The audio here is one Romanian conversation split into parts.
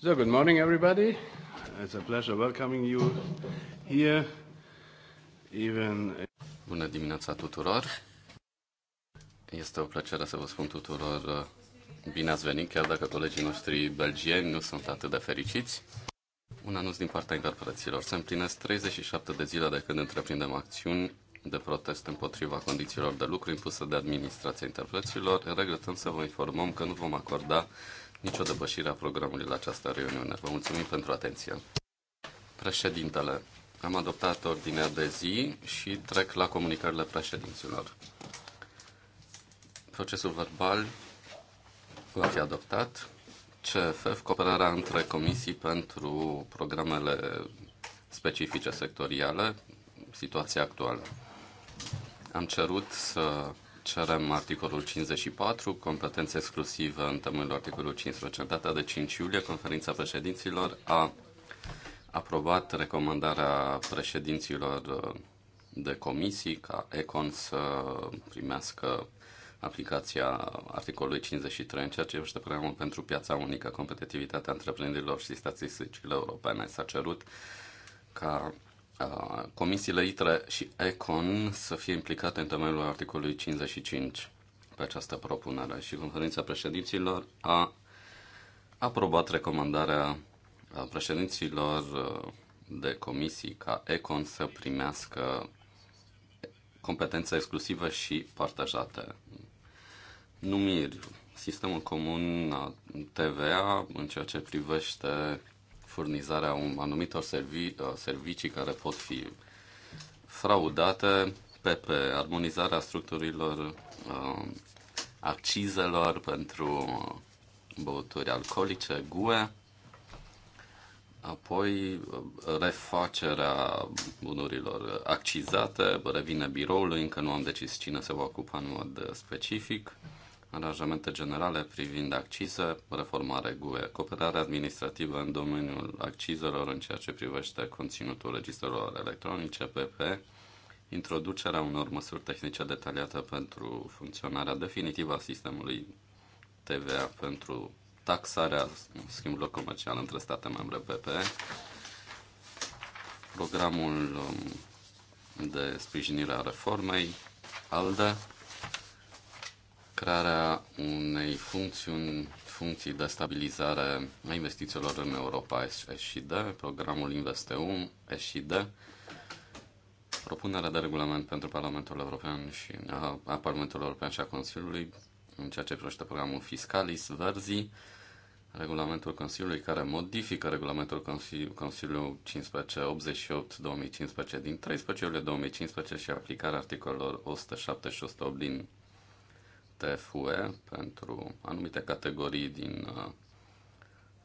So, good morning, everybody. It's a pleasure welcoming you here, even... Bună dimineața tuturor! Este o plăcere să vă spun tuturor uh, bine ați venit, chiar dacă colegii noștri belgieni nu sunt atât de fericiți. Un anunț din partea interpreților. Se împlinesc 37 de zile de când întreprindem acțiuni de protest împotriva condițiilor de lucru impuse de administrația interpreților. Regretăm să vă informăm că nu vom acorda nicio depășire a programului la această reuniune. Vă mulțumim pentru atenție. Președintele, am adoptat ordinea de zi și trec la comunicările președinților. Procesul verbal va fi adoptat. CFF, cooperarea între comisii pentru programele specifice sectoriale, situația actuală. Am cerut să cerem articolul 54, competențe exclusive în temelul articolului 15. În data de 5 iulie, conferința președinților a aprobat recomandarea președinților uh, de comisii ca Econ să primească aplicația articolului 53 în ceea ce privește programul pentru piața unică, competitivitatea întreprinderilor și statisticile europene. S-a cerut ca Uh, comisiile ITRE și ECON să fie implicate în temelul articolului 55 pe această propunere și conferința președinților a aprobat recomandarea uh, președinților uh, de comisii ca ECON să primească competențe exclusive și partajate. Numiri, sistemul comun TVA în ceea ce privește furnizarea anumitor servi- uh, servicii care pot fi fraudate, pe, pe armonizarea structurilor uh, accizelor pentru uh, băuturi alcoolice, GUE, apoi refacerea bunurilor accizate, revine biroului, încă nu am decis cine se va ocupa în mod specific aranjamente generale privind accize, reformare GUE, cooperare administrativă în domeniul accizelor în ceea ce privește conținutul registrelor electronice, PP, introducerea unor măsuri tehnice detaliate pentru funcționarea definitivă a sistemului TVA pentru taxarea schimbului comercial între state membre PP, programul um, de sprijinire a reformei, ALDE, crearea unei funcțiuni, funcții de stabilizare a investițiilor în Europa ESHID, programul InvestEU ESHID, propunerea de regulament pentru Parlamentul European și a, a Parlamentului European și a Consiliului în ceea ce privește programul Fiscalis Verzi, regulamentul Consiliului care modifică regulamentul Consili- Consiliul 1588-2015 din 13 iulie 2015 și aplicarea articolelor 107 și 108 din TFUE pentru anumite categorii din uh,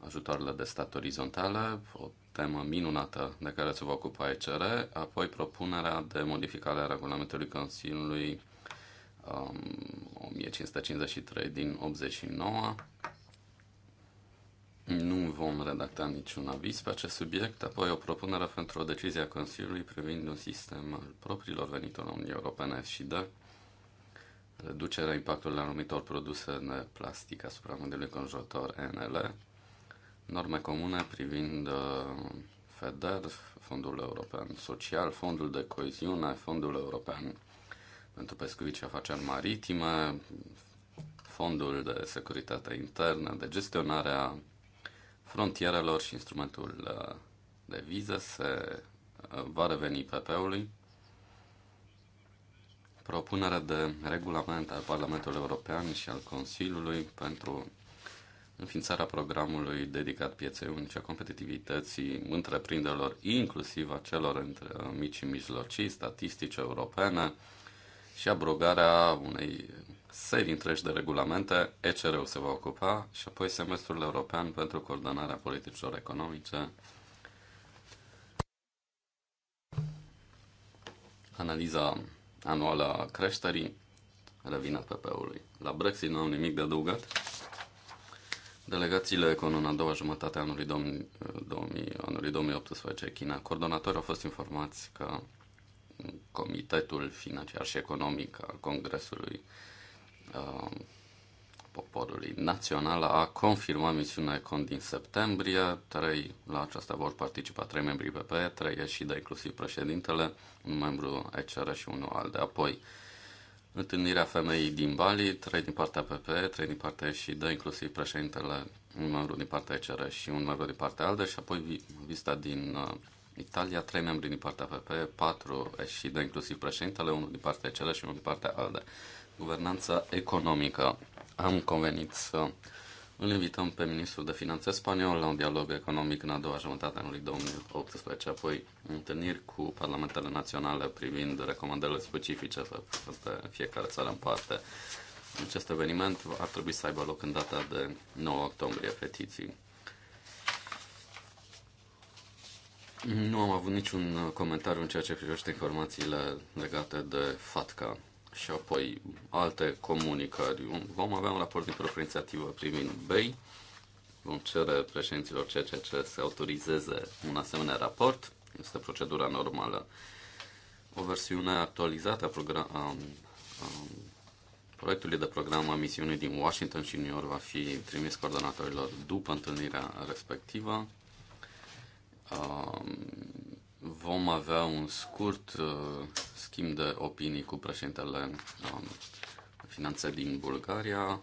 ajutoarele de stat orizontale, o temă minunată de care se va ocupa ECR, apoi propunerea de modificare a regulamentului Consiliului um, 1553 din 89. Nu vom redacta niciun aviz pe acest subiect, apoi o propunere pentru o decizie a Consiliului privind un sistem al propriilor venituri la Uniunea Europeană și de reducerea impactului anumitor produse de plastic asupra mediului conjurător NL, norme comune privind uh, FEDER, Fondul European Social, Fondul de Coeziune, Fondul European pentru Pescuit și Afaceri Maritime, Fondul de Securitate Internă, de gestionarea frontierelor și instrumentul uh, de viză se uh, va reveni PP-ului propunere de regulament al Parlamentului European și al Consiliului pentru înființarea programului dedicat pieței unice a competitivității întreprinderilor, inclusiv a celor între mici și mijlocii, statistici europene și abrogarea unei serii întregi de regulamente, ECR-ul se va ocupa și apoi semestrul european pentru coordonarea politicilor economice, analiza anuală a creșterii revine PP-ului. La Brexit nu am nimic de adăugat. Delegațiile Econ în a doua jumătate a anului, 2000, 2000, anului 2018 China, coordonatorii au fost informați că Comitetul Financiar și Economic al Congresului uh, Poporului Național a confirmat misiunea Econ din septembrie. Trei, la aceasta vor participa trei membri PPE, trei și de inclusiv președintele, un membru ECR și unul al de apoi. Întâlnirea femeii din Bali, trei din partea PPE, trei din partea și de inclusiv președintele, un membru din partea ECR și un membru din partea ALDE și apoi vista din uh, Italia, trei membri din partea PP, patru și de inclusiv președintele, unul din partea ECR și unul din partea ALDE. Guvernanța economică am convenit să îl invităm pe ministrul de finanțe spaniol la un dialog economic în a doua jumătate a anului 2018, apoi întâlniri cu parlamentele naționale privind recomandările specifice pe fiecare țară în parte. Acest eveniment ar trebui să aibă loc în data de 9 octombrie petiții. Nu am avut niciun comentariu în ceea ce privește informațiile legate de FATCA și apoi alte comunicări. Vom avea un raport din proprie inițiativă privind BEI. Vom cere președinților CCC să autorizeze un asemenea raport. Este procedura normală. O versiune actualizată a, program, a, a proiectului de program a misiunii din Washington și New York va fi trimis coordonatorilor după întâlnirea respectivă. A, vom avea un scurt uh, schimb de opinii cu președintele um, finanțe din Bulgaria,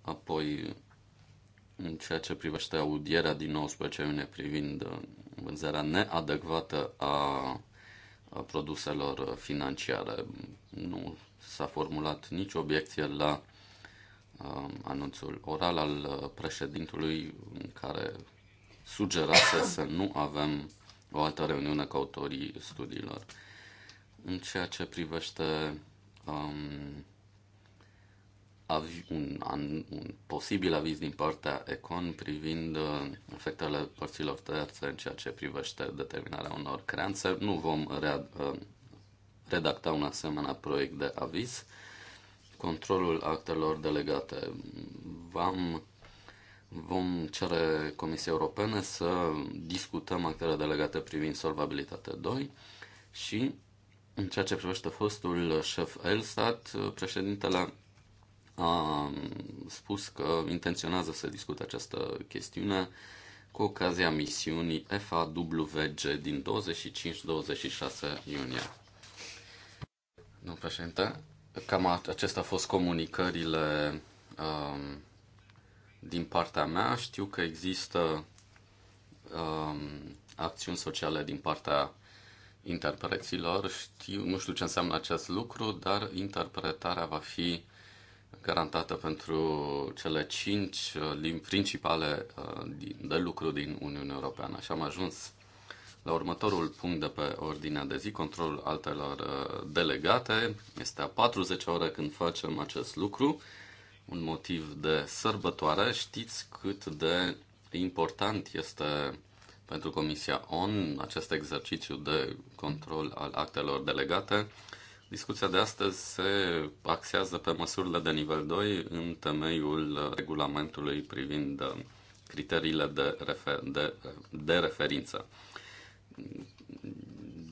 apoi în ceea ce privește audierea din 19 iunie privind uh, vânzarea neadecvată a produselor financiare. Nu s-a formulat nicio obiecție la uh, anunțul oral al uh, președintului în care sugerase să nu avem o altă reuniune cu autorii studiilor. În ceea ce privește um, avi, un, an, un posibil aviz din partea Econ privind uh, efectele părților terțe în ceea ce privește determinarea unor creanțe, nu vom rea, uh, redacta un asemenea proiect de aviz. Controlul actelor delegate. V-am vom cere Comisiei Europene să discutăm actele delegate privind solvabilitatea 2 și în ceea ce privește fostul șef Elstat, președintele a um, spus că intenționează să discute această chestiune cu ocazia misiunii FAWG din 25-26 iunie. Domnul președinte, cam acestea au fost comunicările um, din partea mea. Știu că există um, acțiuni sociale din partea interpreților. Știu, nu știu ce înseamnă acest lucru, dar interpretarea va fi garantată pentru cele cinci uh, limbi principale uh, de lucru din Uniunea Europeană. Și am ajuns la următorul punct de pe ordinea de zi, controlul altelor uh, delegate. Este a 40 ore când facem acest lucru un motiv de sărbătoare, știți cât de important este pentru Comisia ON acest exercițiu de control al actelor delegate. Discuția de astăzi se axează pe măsurile de nivel 2 în temeiul regulamentului privind criteriile de, refer- de, de referință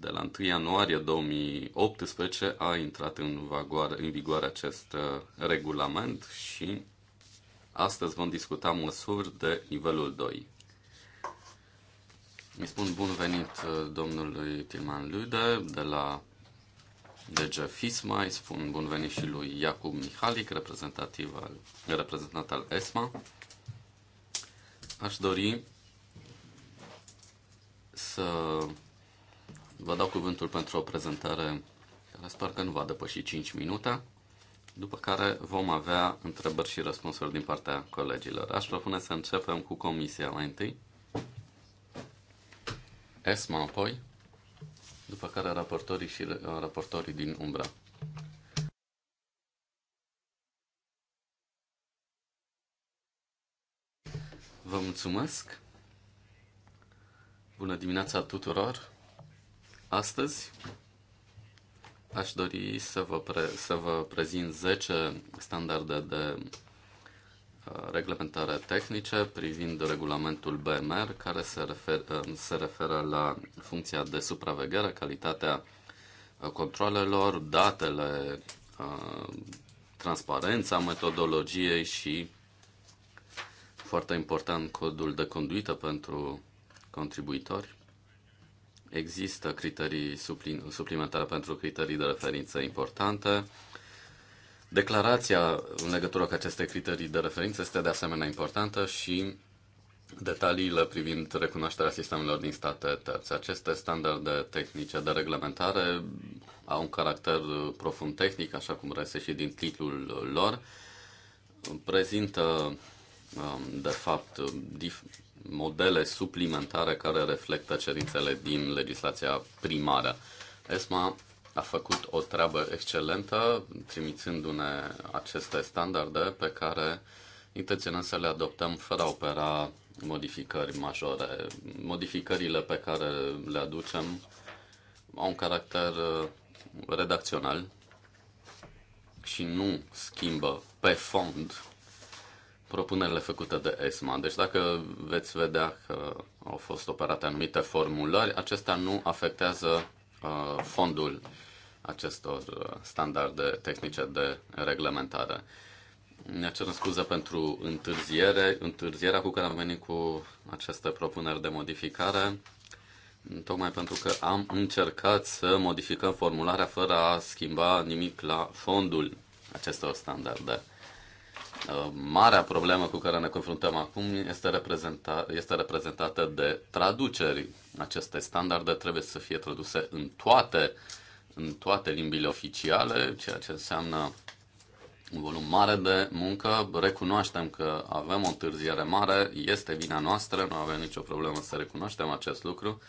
de la 1 ianuarie 2018 a intrat în, vagoare, în vigoare acest uh, regulament și astăzi vom discuta măsuri de nivelul 2. Mi spun bun venit uh, domnului Timan Lude de la DG FISMA, îi spun bun venit și lui Iacob Mihalic, reprezentativ al, reprezentant al ESMA. Aș dori să Vă dau cuvântul pentru o prezentare care sper că nu va depăși 5 minute, după care vom avea întrebări și răspunsuri din partea colegilor. Aș propune să începem cu comisia mai întâi, ESMA apoi, după care raportorii și raportorii din Umbra. Vă mulțumesc! Bună dimineața tuturor! Astăzi aș dori să vă, pre- să vă prezint 10 standarde de uh, reglementare tehnice privind regulamentul BMR care se, refer, uh, se referă la funcția de supraveghere, calitatea uh, controlelor, datele, transparența metodologiei și foarte important codul de conduită pentru contribuitori. Există criterii suplimentare pentru criterii de referință importante. Declarația în legătură cu aceste criterii de referință este de asemenea importantă și detaliile privind recunoașterea sistemelor din state terțe. Aceste standarde tehnice de reglementare au un caracter profund tehnic, așa cum reiese și din titlul lor. Prezintă, um, de fapt, dif- modele suplimentare care reflectă cerințele din legislația primară. ESMA a făcut o treabă excelentă trimițându-ne aceste standarde pe care intenționăm să le adoptăm fără a opera modificări majore. Modificările pe care le aducem au un caracter uh, redacțional și nu schimbă pe fond propunerile făcute de ESMA. Deci dacă veți vedea că au fost operate anumite formulări, acestea nu afectează uh, fondul acestor uh, standarde tehnice de reglementare. Ne cerem scuze pentru întârziere, întârzierea cu care am venit cu aceste propuneri de modificare, tocmai pentru că am încercat să modificăm formularea fără a schimba nimic la fondul acestor standarde. Uh, marea problemă cu care ne confruntăm acum este, reprezenta, este reprezentată de traduceri. Aceste standarde trebuie să fie traduse în toate, în toate limbile oficiale, ceea ce înseamnă un volum mare de muncă. Recunoaștem că avem o întârziere mare, este vina noastră, nu avem nicio problemă să recunoaștem acest lucru,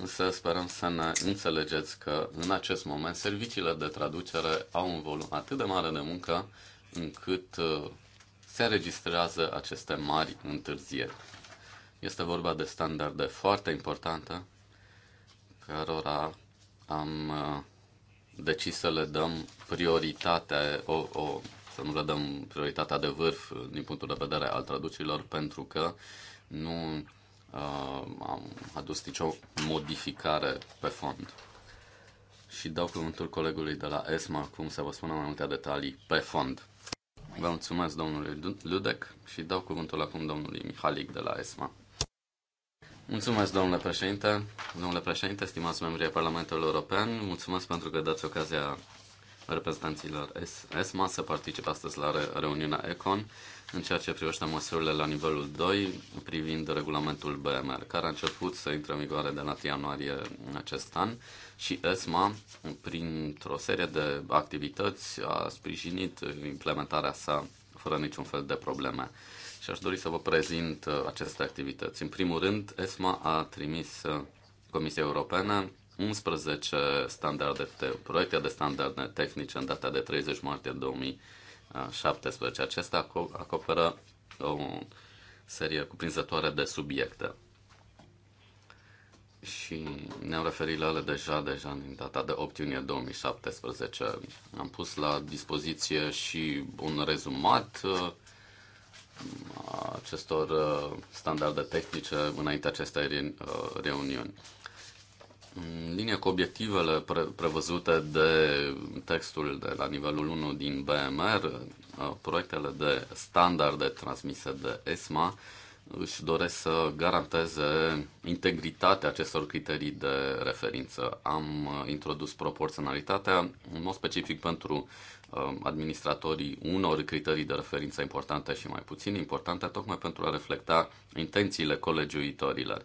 însă sperăm să ne înțelegeți că în acest moment serviciile de traducere au un volum atât de mare de muncă încât uh, se înregistrează aceste mari întârzieri. Este vorba de standarde foarte importante cărora am uh, decis să le dăm prioritate, o, o, să nu le dăm prioritatea de vârf din punctul de vedere al traducilor, pentru că nu uh, am adus nicio modificare pe fond. Și dau cuvântul colegului de la ESMA acum să vă spună mai multe detalii pe fond. Vă mulțumesc, domnule Ludec, și dau cuvântul acum domnului Mihalic de la ESMA. Mulțumesc, domnule președinte. Domnule președinte, stimați membrii Parlamentului European, mulțumesc pentru că dați ocazia reprezentanților ESMA să participe astăzi la reuniunea ECON în ceea ce privește măsurile la nivelul 2 privind regulamentul BMR, care a început să intre în vigoare de la ianuarie în acest an și ESMA, printr-o serie de activități, a sprijinit implementarea sa fără niciun fel de probleme. Și aș dori să vă prezint uh, aceste activități. În primul rând, ESMA a trimis uh, Comisiei Europene 11 standarde, proiecte de standarde tehnice în data de 30 martie 2017. Acesta acoperă o serie cuprinzătoare de subiecte. Și ne-am referit la ele deja, deja în data de 8 iunie 2017. Am pus la dispoziție și un rezumat uh, acestor uh, standarde tehnice înainte acestei uh, reuniuni. În linie cu obiectivele pre- prevăzute de textul de la nivelul 1 din BMR, uh, proiectele de standarde transmise de ESMA își doresc să garanteze integritatea acestor criterii de referință. Am uh, introdus proporționalitatea, în mod specific pentru uh, administratorii unor criterii de referință importante și mai puțin importante, tocmai pentru a reflecta intențiile colegiuitorilor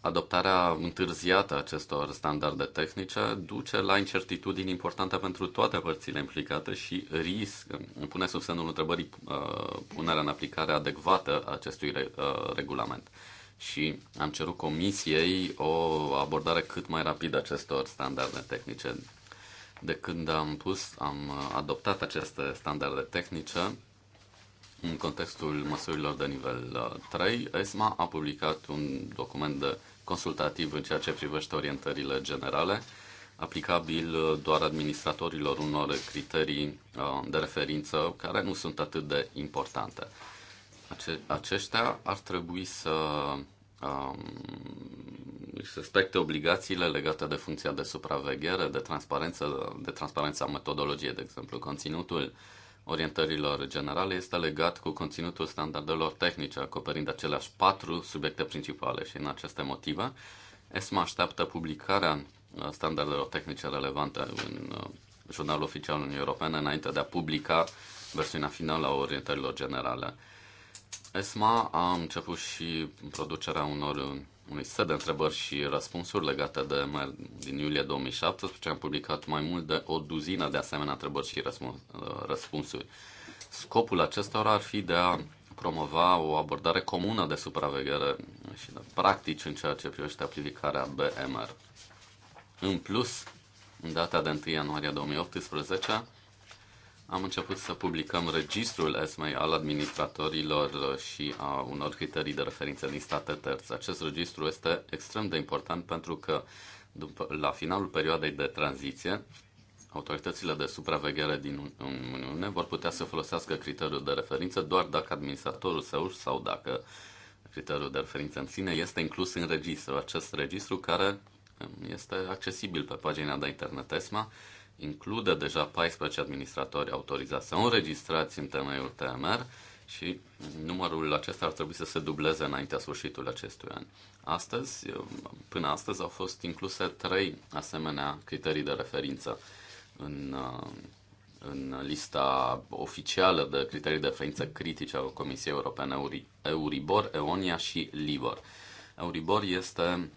adoptarea întârziată a acestor standarde tehnice duce la incertitudini importante pentru toate părțile implicate și risc, pune sub semnul întrebării uh, punerea în aplicare adecvată a acestui uh, regulament. Și am cerut comisiei o abordare cât mai rapidă acestor standarde tehnice. De când am pus, am adoptat aceste standarde tehnice, în contextul măsurilor de nivel 3, uh, ESMA a publicat un document de consultativ în ceea ce privește orientările generale, aplicabil uh, doar administratorilor unor criterii uh, de referință care nu sunt atât de importante. aceștia ar trebui să um, respecte obligațiile legate de funcția de supraveghere, de transparență, de transparența metodologiei, de exemplu, conținutul uh, orientărilor generale este legat cu conținutul standardelor tehnice, acoperind aceleași patru subiecte principale și în aceste motive ESMA așteaptă publicarea uh, standardelor tehnice relevante în uh, jurnalul oficial Uniunii Europene înainte de a publica versiunea finală a orientărilor generale. ESMA a început și producerea unor uh, unui set de întrebări și răspunsuri legate de MR din iulie 2017. Am publicat mai mult de o duzină de asemenea întrebări și răspunsuri. Scopul acestora ar fi de a promova o abordare comună de supraveghere și de practici în ceea ce privește aplicarea BMR. În plus, în data de 1 ianuarie 2018, am început să publicăm registrul ESMEI al administratorilor și a unor criterii de referință din state terțe. Acest registru este extrem de important pentru că după, la finalul perioadei de tranziție, autoritățile de supraveghere din Uniune vor putea să folosească criteriul de referință doar dacă administratorul său sau dacă criteriul de referință în sine este inclus în registru. Acest registru care um, este accesibil pe pagina de internet ESMA includă deja 14 administratori autorizați sau înregistrați în temeiul TMR și numărul acesta ar trebui să se dubleze înaintea sfârșitului acestui an. Astăzi, până astăzi au fost incluse trei asemenea criterii de referință în, în lista oficială de criterii de referință critice a Comisiei Europene Euribor, Eonia și Libor. Euribor este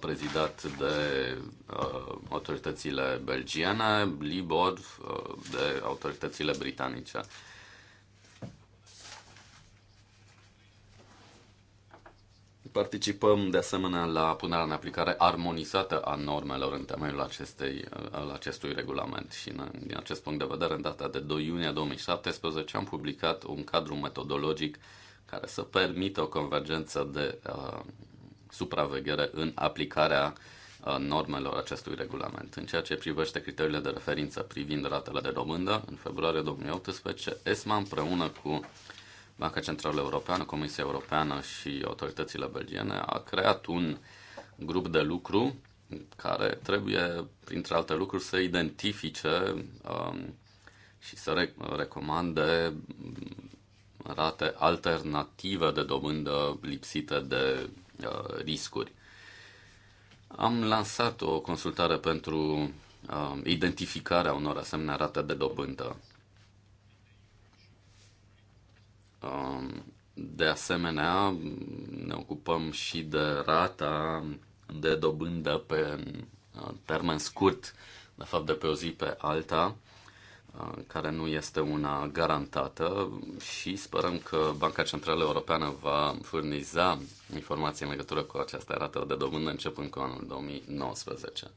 prezidat de uh, autoritățile belgiene, Libor uh, de autoritățile britanice. Participăm de asemenea la punerea în aplicare armonizată a normelor în temeiul acestei, al acestui regulament și din acest punct de vedere, în data de 2 iunie 2017 am publicat un cadru metodologic care să permită o convergență de uh, supraveghere în aplicarea uh, normelor acestui regulament. În ceea ce privește criteriile de referință privind ratele de dobândă, în februarie 2018, ESMA împreună cu Banca Centrală Europeană, Comisia Europeană și autoritățile belgiene a creat un grup de lucru care trebuie, printre alte lucruri, să identifice um, și să re- recomande mm, rate alternative de dobândă lipsite de Uh, riscuri. Am lansat o consultare pentru uh, identificarea unor asemenea rate de dobândă. Um, de asemenea, ne ocupăm și de rata de dobândă pe uh, termen scurt, de fapt de pe o zi pe alta, Uh, care nu este una garantată și sperăm că Banca Centrală Europeană va furniza informații în legătură cu această rată de dobândă începând cu anul 2019.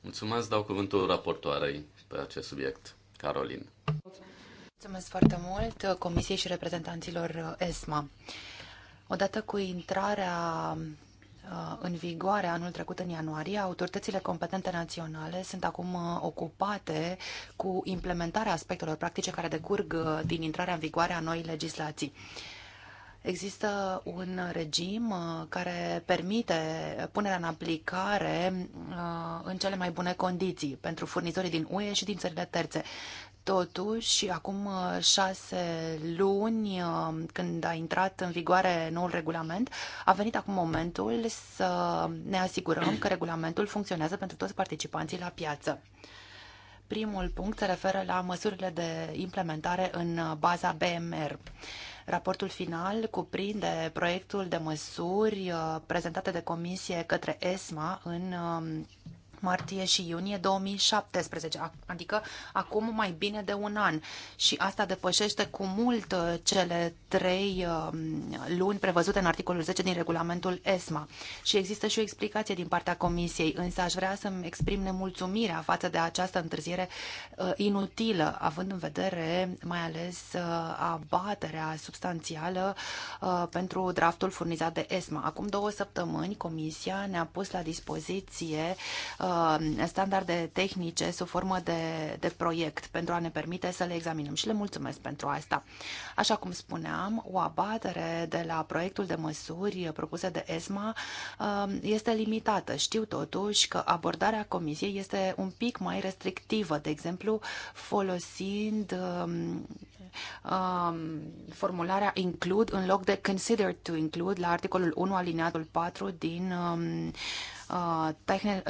Mulțumesc, dau cuvântul raportoarei pe acest subiect, Carolin. Mulțumesc foarte mult uh, Comisiei și reprezentanților uh, ESMA. Odată cu intrarea Uh, în vigoare anul trecut în ianuarie, autoritățile competente naționale sunt acum uh, ocupate cu implementarea aspectelor practice care decurg uh, din intrarea în vigoare a noii legislații. Există un regim care permite punerea în aplicare în cele mai bune condiții pentru furnizorii din UE și din țările terțe. Totuși, acum uh, șase luni, uh, când a intrat în vigoare noul regulament, a venit acum momentul să ne asigurăm că regulamentul funcționează pentru toți participanții la piață. Primul punct se referă la măsurile de implementare în baza BMR. Raportul final cuprinde proiectul de măsuri uh, prezentate de comisie către ESMA în um, martie și iunie 2017, adică acum mai bine de un an. Și asta depășește cu mult uh, cele trei um, luni prevăzute în articolul 10 din regulamentul ESMA. Și există și o explicație din partea Comisiei, însă aș vrea să-mi exprim nemulțumirea față de această întârziere uh, inutilă, având în vedere mai ales uh, abaterea substanțială pentru draftul furnizat de ESMA. Acum două săptămâni, Comisia ne-a pus la dispoziție Uh, standarde tehnice sub formă de, de proiect pentru a ne permite să le examinăm și le mulțumesc pentru asta. Așa cum spuneam, o abatere de la proiectul de măsuri propuse de ESMA uh, este limitată. Știu totuși că abordarea comisiei este un pic mai restrictivă, de exemplu, folosind um, um, formularea include în loc de consider to include la articolul 1 alineatul 4 din um,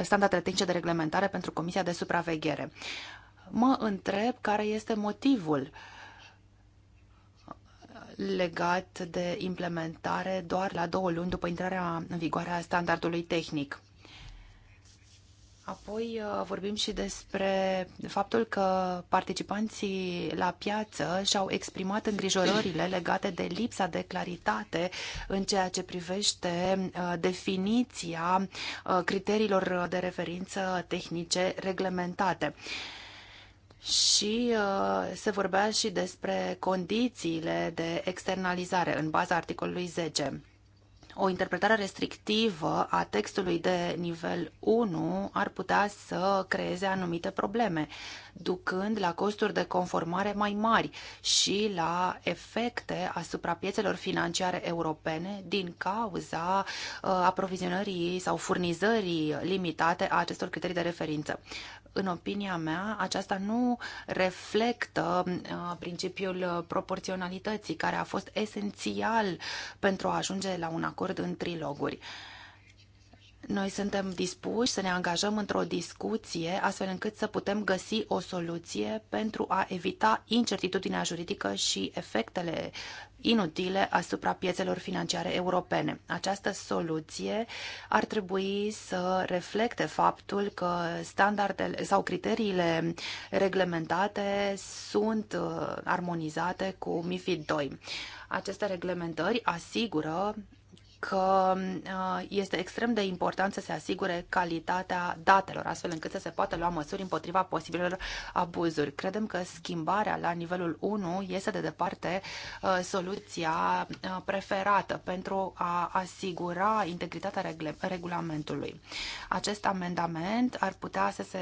standardele tehnice de reglementare pentru Comisia de Supraveghere. Mă întreb care este motivul legat de implementare doar la două luni după intrarea în vigoare a standardului tehnic. Apoi uh, vorbim și despre faptul că participanții la piață și-au exprimat îngrijorările legate de lipsa de claritate în ceea ce privește uh, definiția uh, criteriilor de referință tehnice reglementate. Și se vorbea și despre condițiile de externalizare în baza articolului 10 o interpretare restrictivă a textului de nivel 1 ar putea să creeze anumite probleme, ducând la costuri de conformare mai mari și la efecte asupra piețelor financiare europene din cauza uh, aprovizionării sau furnizării limitate a acestor criterii de referință în opinia mea, aceasta nu reflectă uh, principiul proporționalității, care a fost esențial pentru a ajunge la un acord în triloguri. Noi suntem dispuși să ne angajăm într-o discuție astfel încât să putem găsi o soluție pentru a evita incertitudinea juridică și efectele inutile asupra piețelor financiare europene. Această soluție ar trebui să reflecte faptul că standardele sau criteriile reglementate sunt uh, armonizate cu MIFID 2. Aceste reglementări asigură că uh, este extrem de important să se asigure calitatea datelor, astfel încât să se poată lua măsuri împotriva posibilor abuzuri. Credem că schimbarea la nivelul 1 este de departe uh, soluția uh, preferată pentru a asigura integritatea regulamentului. Acest amendament ar putea să, se,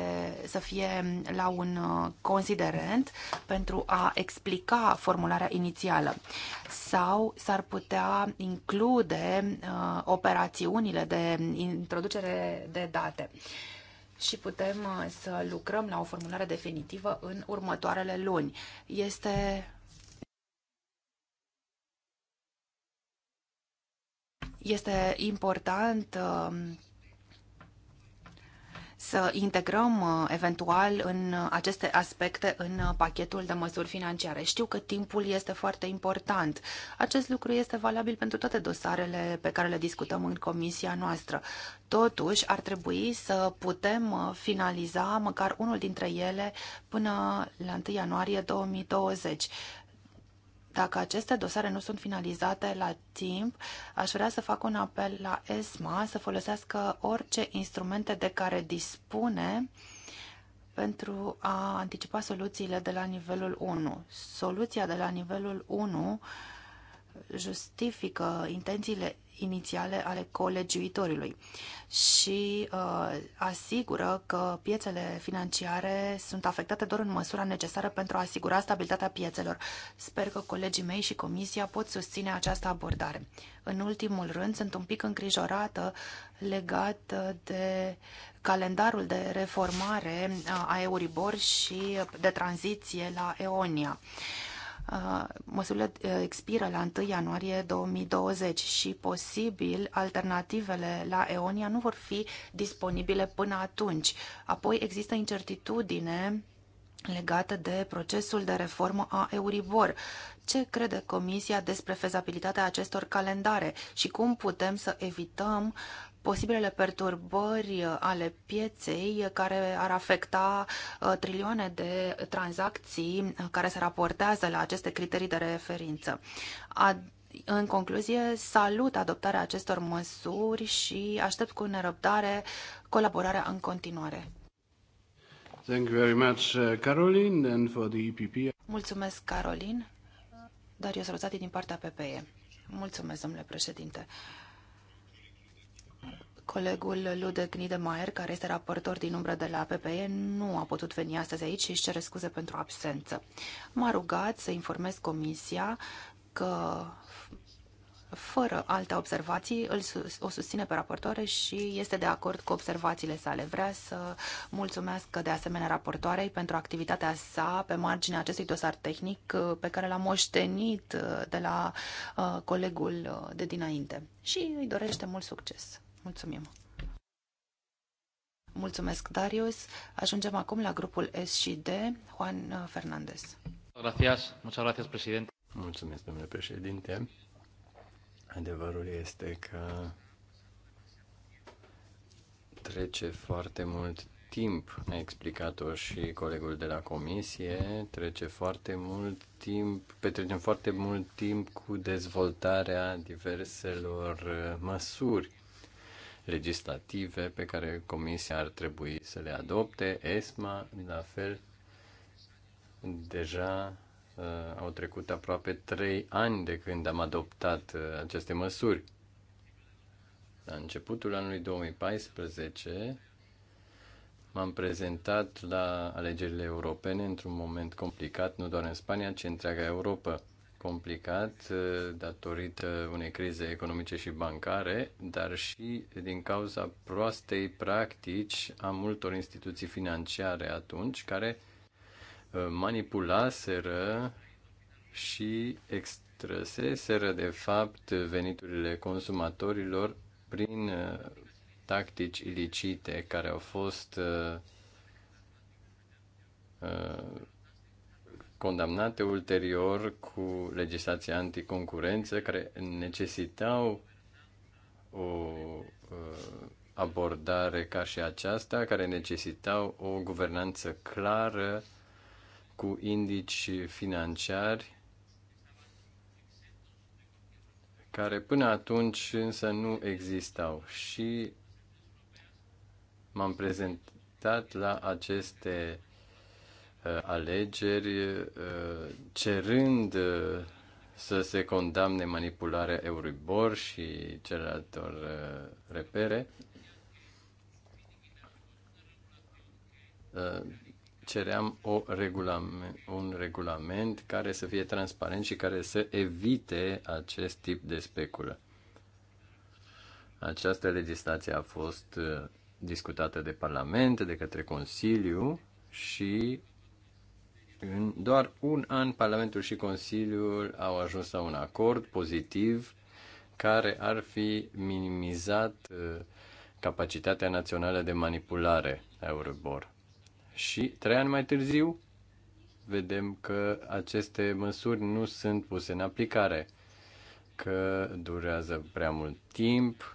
să fie la un considerent pentru a explica formularea inițială sau s-ar putea include uh, operațiunile de introducere de date și putem uh, să lucrăm la o formulare definitivă în următoarele luni. Este este important uh, să integrăm uh, eventual în uh, aceste aspecte în uh, pachetul de măsuri financiare. Știu că timpul este foarte important. Acest lucru este valabil pentru toate dosarele pe care le discutăm în comisia noastră. Totuși, ar trebui să putem finaliza măcar unul dintre ele până la 1 ianuarie 2020. Dacă aceste dosare nu sunt finalizate la timp, aș vrea să fac un apel la ESMA să folosească orice instrumente de care dispune pentru a anticipa soluțiile de la nivelul 1. Soluția de la nivelul 1 justifică intențiile inițiale ale colegiuitorului și uh, asigură că piețele financiare sunt afectate doar în măsura necesară pentru a asigura stabilitatea piețelor. Sper că colegii mei și comisia pot susține această abordare. În ultimul rând, sunt un pic îngrijorată legat de calendarul de reformare uh, a Euribor și de tranziție la Eonia. Uh, Uh, măsurile uh, expiră la 1 ianuarie 2020 și posibil alternativele la Eonia nu vor fi disponibile până atunci. Apoi există incertitudine legată de procesul de reformă a Euribor. Ce crede Comisia despre fezabilitatea acestor calendare și cum putem să evităm posibilele perturbări uh, ale pieței uh, care ar afecta uh, trilioane de tranzacții care se raportează la aceste criterii de referință. În concluzie, salut adoptarea acestor măsuri și aștept cu nerăbdare colaborarea în continuare. Thank you very much, Caroline, and for the EPP. Mulțumesc, Caroline. Darius Rozati din partea PPE. Mulțumesc, domnule președinte. Colegul Ludek Niedermayer, care este raportor din umbră de la PPE, nu a putut veni astăzi aici și își cere scuze pentru absență. M-a rugat să informez comisia că fără alte observații, îl sus, o susține pe raportoare și este de acord cu observațiile sale. Vrea să mulțumesc de asemenea raportoarei pentru activitatea sa pe marginea acestui dosar tehnic uh, pe care l-a moștenit uh, de la uh, colegul uh, de dinainte și îi dorește mult succes. Mulțumim! Mulțumesc, Darius. Ajungem acum la grupul S și D, Juan Fernandez. Gracias, muchas gracias, presidente. Mulțumesc, domnule președinte. Adevărul este că trece foarte mult timp, a explicat-o și colegul de la comisie, trece foarte mult timp, petrecem foarte mult timp cu dezvoltarea diverselor uh, măsuri legislative pe care Comisia ar trebui să le adopte. ESMA, la fel, deja uh, au trecut aproape trei ani de când am adoptat uh, aceste măsuri. La începutul anului 2014 m-am prezentat la alegerile europene într-un moment complicat, nu doar în Spania, ci întreaga Europa complicat uh, datorită unei crize economice și bancare, dar și din cauza proastei practici a multor instituții financiare atunci care uh, manipulaseră și extrăseseră de fapt veniturile consumatorilor prin uh, tactici ilicite care au fost condamnate ulterior cu legislația anticoncurență care necesitau o uh, abordare ca și aceasta, care necesitau o guvernanță clară cu indici financiari care până atunci însă nu existau și m-am prezentat la aceste Uh, alegeri uh, cerând uh, să se condamne manipularea Euribor și celelalte repere. Ceream o regulament, un regulament care să fie transparent și care să evite acest tip de speculă. Această legislație a fost discutată de Parlament, de către Consiliu și în doar un an, Parlamentul și Consiliul au ajuns la un acord pozitiv care ar fi minimizat uh, capacitatea națională de manipulare a eurobor. Și trei ani mai târziu, vedem că aceste măsuri nu sunt puse în aplicare, că durează prea mult timp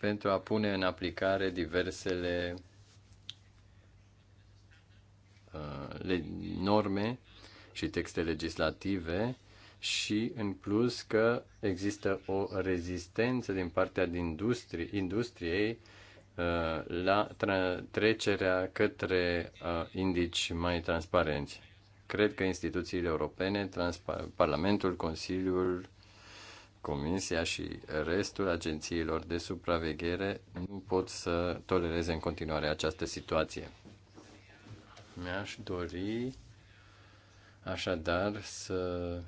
pentru a pune în aplicare diversele Uh, norme și texte legislative și, în plus, că există o rezistență din partea din industrie, industriei uh, la trecerea către uh, indici mai transparenți. Cred că instituțiile europene, Parlamentul, Consiliul, Comisia și restul agențiilor de supraveghere nu pot să tolereze în continuare această situație. Mi-aș dori așadar să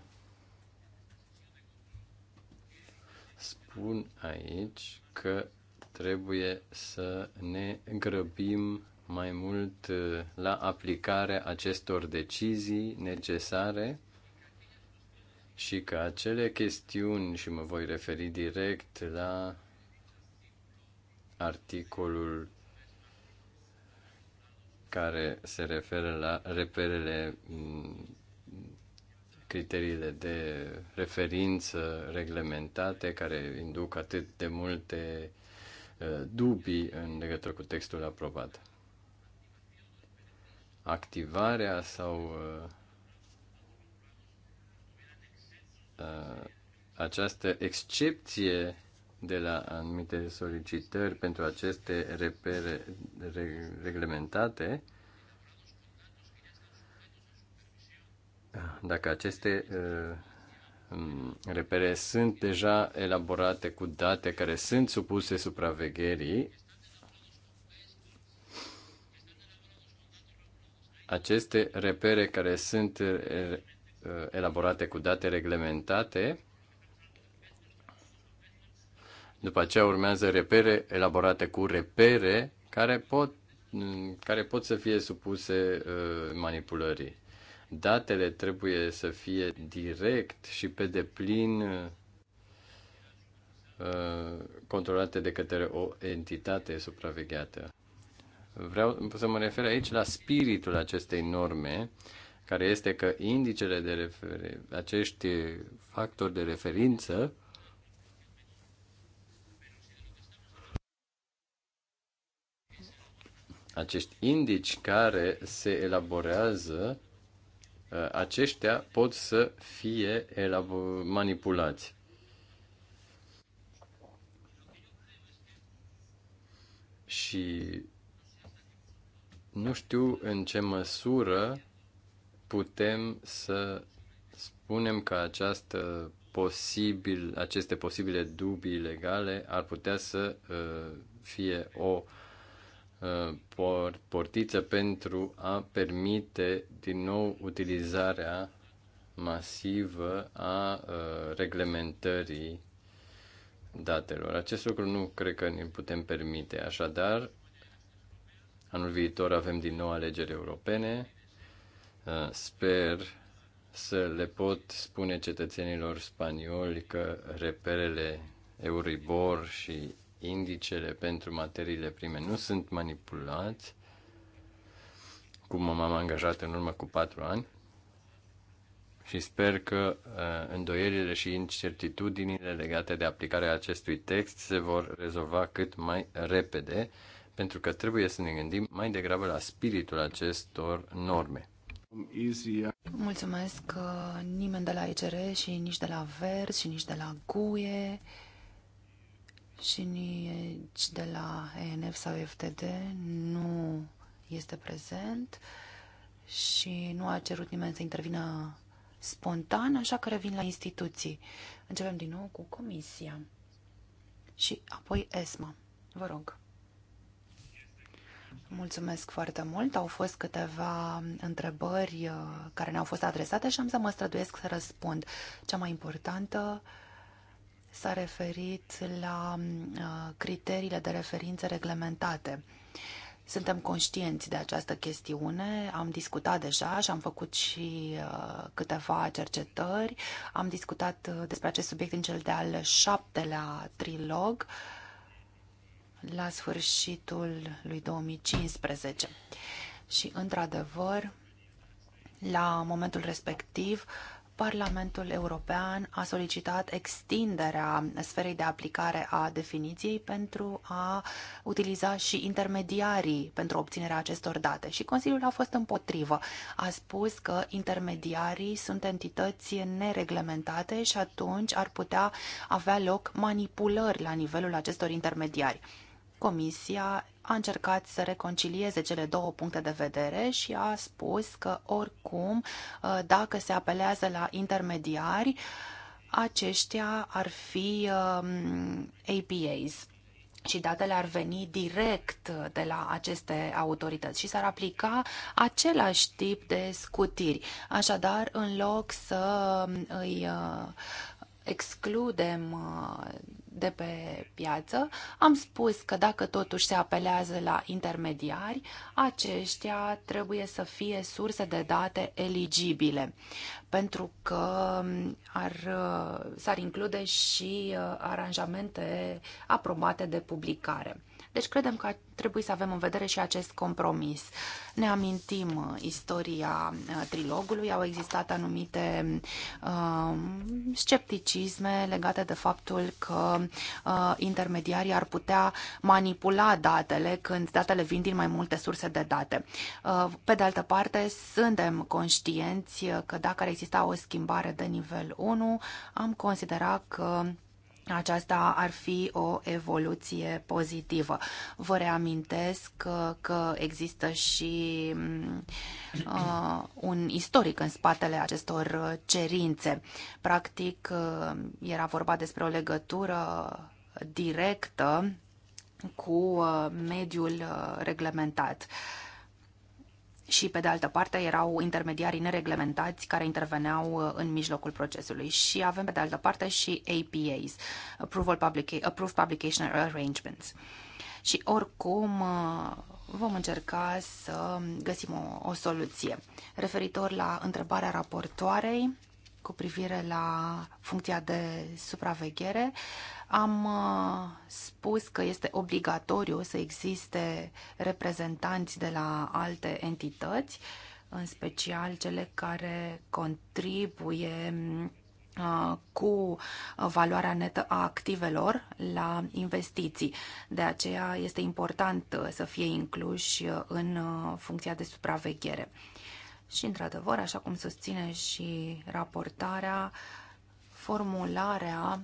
spun aici că trebuie să ne grăbim mai mult uh, la aplicarea acestor decizii necesare și că acele chestiuni, și mă voi referi direct la articolul care se referă la reperele, criteriile de referință reglementate care induc atât de multe dubii în legătură cu textul aprobat. Activarea sau această excepție de la anumite solicitări pentru aceste repere reglementate, dacă aceste uh, mm, repere sunt deja elaborate cu date care sunt supuse supravegherii, aceste repere care sunt uh, elaborate cu date reglementate după aceea urmează repere elaborate cu repere care pot, care pot să fie supuse uh, manipulării. Datele trebuie să fie direct și pe deplin uh, controlate de către o entitate supravegheată. Vreau să mă refer aici la spiritul acestei norme, care este că indicele de refer- acești factori de referință acești indici care se elaborează, uh, aceștia pot să fie manipulați. Și nu știu în ce măsură putem să spunem că această posibil, aceste posibile dubii legale ar putea să uh, fie o uh, Uh, por, portiță pentru a permite din nou utilizarea masivă a uh, reglementării datelor. Acest lucru nu cred că ne putem permite. Așadar, anul viitor avem din nou alegeri europene. Uh, sper să le pot spune cetățenilor spanioli că reperele Euribor și indicele pentru materiile prime nu sunt manipulați, cum m-am angajat în urmă cu patru ani, și sper că uh, îndoierile și incertitudinile legate de aplicarea acestui text se vor rezolva cât mai repede, pentru că trebuie să ne gândim mai degrabă la spiritul acestor norme. Mulțumesc că uh, nimeni de la ECR și nici de la Vers și nici de la GUE și nici de la ENF sau FTD nu este prezent și nu a cerut nimeni să intervină spontan, așa că revin la instituții. Începem din nou cu Comisia și apoi ESMA. Vă rog. Mulțumesc foarte mult. Au fost câteva întrebări uh, care ne-au fost adresate și am să mă străduiesc să răspund. Cea mai importantă uh, s-a referit la uh, criteriile de referință reglementate. Suntem conștienți de această chestiune, am discutat deja și am făcut și uh, câteva cercetări. Am discutat uh, despre acest subiect în cel de-al șaptelea trilog la sfârșitul lui 2015. Și, într-adevăr, la momentul respectiv, uh, Parlamentul European a solicitat extinderea sferei de aplicare a definiției pentru a utiliza și intermediarii pentru obținerea acestor date și Consiliul a fost împotrivă. A spus că intermediarii sunt entități nereglementate și atunci ar putea avea loc manipulări la nivelul acestor intermediari. Comisia a încercat să reconcilieze cele două puncte de vedere și a spus că oricum, uh, dacă se apelează la intermediari, aceștia ar fi um, APAs și datele ar veni direct de la aceste autorități și s-ar aplica același tip de scutiri. Așadar, în loc să um, îi uh, excludem uh, de pe piață, am spus că dacă totuși se apelează la intermediari, aceștia trebuie să fie surse de date eligibile, pentru că um, ar, uh, s-ar include și uh, aranjamente aprobate de publicare. Deci credem că trebuie să avem în vedere și acest compromis. Ne amintim uh, istoria uh, trilogului, au existat anumite uh, scepticisme legate de faptul că uh, intermediarii ar putea manipula datele când datele vin din mai multe surse de date. Uh, pe de altă parte, suntem conștienți că dacă ar exista o schimbare de nivel 1, am considera că aceasta ar fi o evoluție pozitivă. Vă reamintesc că, există și mm, uh, un istoric în spatele acestor cerințe. Practic, uh, era vorba despre o legătură directă cu uh, mediul reglementat și, pe de altă parte, erau intermediarii nereglementați care interveneau uh, în mijlocul procesului. Și avem, pe de altă parte, și APAs, Approval Publica- Approved Publication Arrangements. Și, oricum, uh, vom încerca să găsim o, o soluție. Referitor la întrebarea raportoarei, cu privire la funcția de supraveghere, am uh, spus că este obligatoriu să existe reprezentanți de la alte entități, în special cele care contribuie uh, cu valoarea netă a activelor la investiții. De aceea este important să fie incluși în uh, funcția de supraveghere. Și, într-adevăr, așa cum susține și raportarea, formularea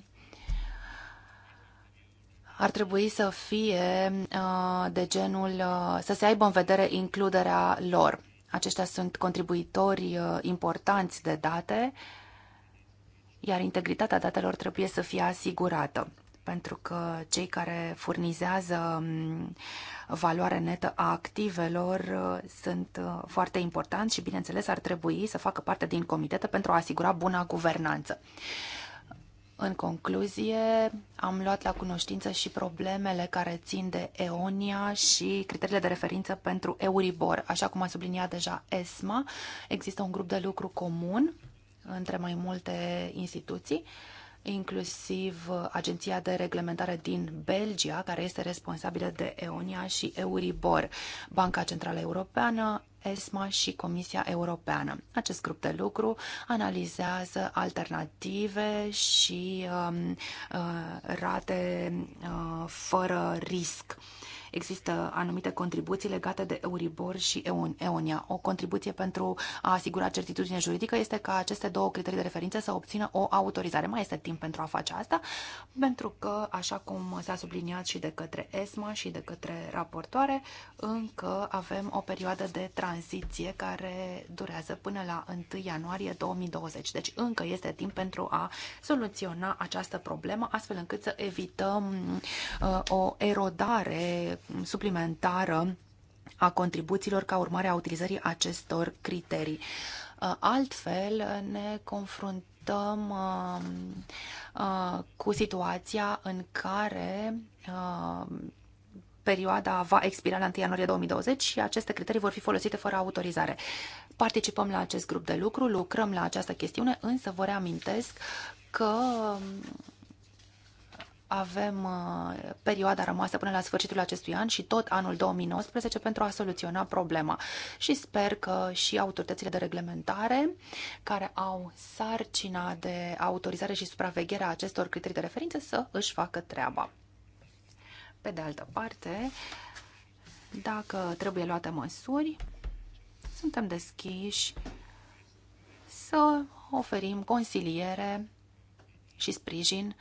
ar trebui să fie uh, de genul uh, să se aibă în vedere includerea lor. Aceștia sunt contribuitori uh, importanți de date, iar integritatea datelor trebuie să fie asigurată pentru că cei care furnizează mm, valoare netă a activelor uh, sunt uh, foarte importanți și, bineînțeles, ar trebui să facă parte din comitetă pentru a asigura buna guvernanță. În concluzie, am luat la cunoștință și problemele care țin de EONIA și criteriile de referință pentru Euribor. Așa cum a subliniat deja ESMA, există un grup de lucru comun între mai multe instituții inclusiv uh, agenția de reglementare din Belgia, care este responsabilă de EONIA și Euribor, Banca Centrală Europeană, ESMA și Comisia Europeană. Acest grup de lucru analizează alternative și uh, uh, rate uh, fără risc. Uh, Există anumite contribuții legate de Euribor și Eonia. O contribuție pentru a asigura certitudine juridică este ca aceste două criterii de referință să obțină o autorizare. Mai este timp pentru a face asta, pentru că, așa cum s-a subliniat și de către ESMA și de către raportoare, încă avem o perioadă de tranziție care durează până la 1 ianuarie 2020. Deci încă este timp pentru a soluționa această problemă, astfel încât să evităm uh, o erodare suplimentară a contribuțiilor ca urmare a utilizării acestor criterii. Uh, altfel ne confruntăm um, uh, cu situația în care uh, perioada va expira la 1 ianuarie 2020 și aceste criterii vor fi folosite fără autorizare. Participăm la acest grup de lucru, lucrăm la această chestiune, însă vă reamintesc că um, avem uh, perioada rămasă până la sfârșitul acestui an și tot anul 2019 pentru a soluționa problema. Și sper că și autoritățile de reglementare care au sarcina de autorizare și supraveghere a acestor criterii de referință să își facă treaba. Pe de altă parte, dacă trebuie luate măsuri, suntem deschiși să oferim consiliere și sprijin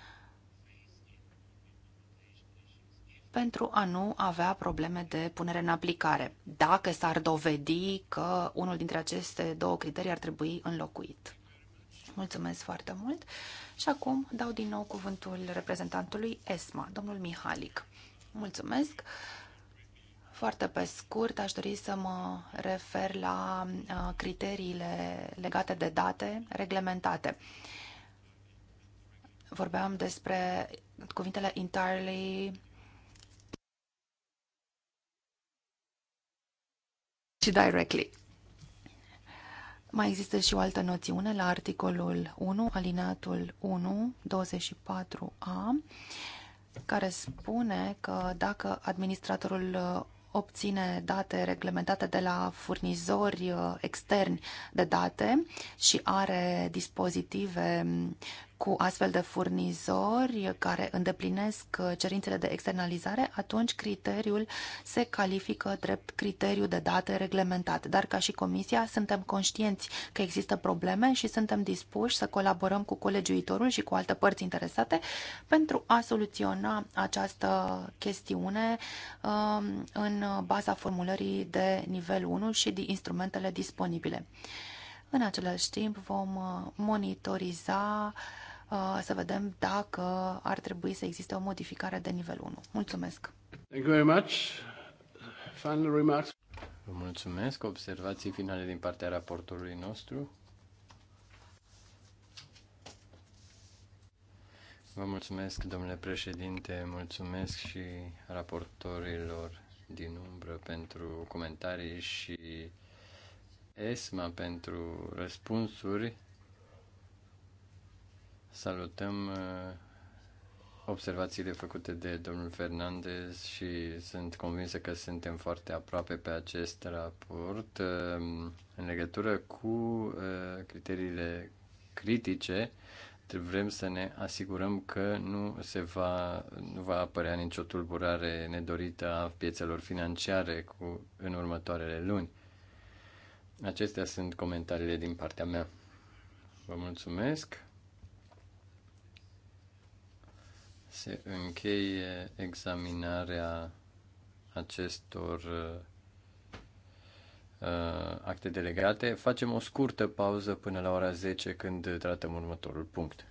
pentru a nu avea probleme de punere în aplicare, dacă s-ar dovedi că unul dintre aceste două criterii ar trebui înlocuit. Mulțumesc foarte mult și acum dau din nou cuvântul reprezentantului ESMA, domnul Mihalic. Mulțumesc! Foarte pe scurt, aș dori să mă refer la uh, criteriile legate de date reglementate. Vorbeam despre cuvintele entirely și directly. Mai există și o altă noțiune la articolul 1, alineatul 1, 24a, care spune că dacă administratorul uh, obține date reglementate de la furnizori uh, externi de date și are dispozitive cu astfel de furnizori care îndeplinesc uh, cerințele de externalizare, atunci criteriul se califică drept criteriu de date reglementat. Dar ca și Comisia suntem conștienți că există probleme și suntem dispuși să colaborăm cu colegiuitorul și cu alte părți interesate pentru a soluționa această chestiune um, în baza formulării de nivel 1 și de instrumentele disponibile. În același timp vom uh, monitoriza uh, Uh, să vedem dacă ar trebui să existe o modificare de nivel 1. Mulțumesc! Thank you very much. Final remarks. Vă mulțumesc. Observații finale din partea raportului nostru. Vă mulțumesc, domnule președinte, mulțumesc și raportorilor din umbră pentru comentarii și ESMA pentru răspunsuri. Salutăm uh, observațiile făcute de domnul Fernandez și sunt convinsă că suntem foarte aproape pe acest raport uh, în legătură cu uh, criteriile critice vrem să ne asigurăm că nu se va, nu va apărea nicio tulburare nedorită a piețelor financiare cu, în următoarele luni. Acestea sunt comentariile din partea mea. Vă mulțumesc. se încheie examinarea acestor uh, acte delegate. Facem o scurtă pauză până la ora 10 când tratăm următorul punct.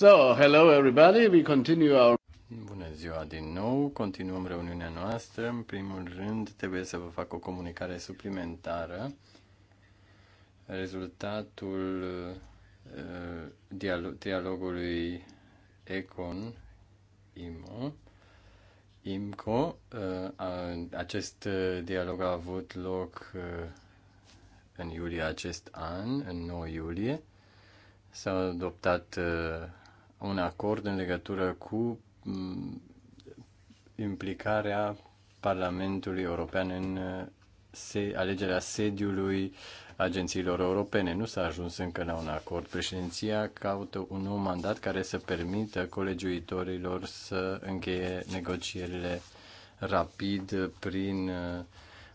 So, hello everybody, we continue our... Bună ziua din nou, continuăm reuniunea noastră. În primul rând, trebuie să vă fac o comunicare suplimentară. Rezultatul uh, dialogului Econ IMO IMCO, uh, a, acest uh, dialog a avut loc uh, în iulie acest an, în 9 iulie s-a adoptat uh, un acord în legătură cu mm, implicarea Parlamentului European în uh, alegerea sediului agențiilor europene. Nu s-a ajuns încă la un acord. Președinția caută un nou mandat care să permită colegiuitorilor să încheie negocierile rapid prin uh,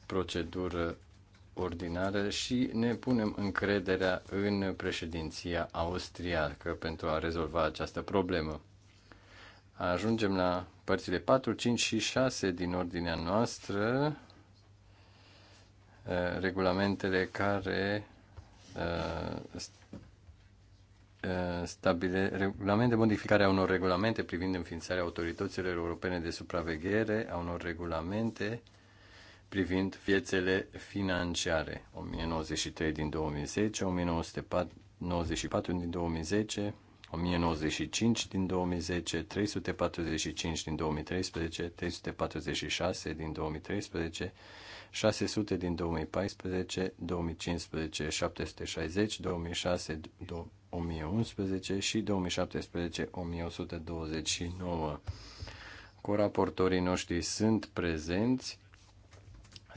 procedură ordinară și ne punem încrederea în președinția austriacă pentru a rezolva această problemă. Ajungem la părțile 4, 5 și 6 din ordinea noastră, eh, regulamentele care eh, eh, stabile, regulamente de modificare a unor regulamente privind înființarea autorităților europene de supraveghere, a unor regulamente privind piețele financiare 1093 din 2010, 1994 din 2010, 1095 din 2010, 345 din 2013, 346 din 2013, 600 din 2014, 2015, 760, 2006, 2011 și 2017, 1129. Coraportorii noștri sunt prezenți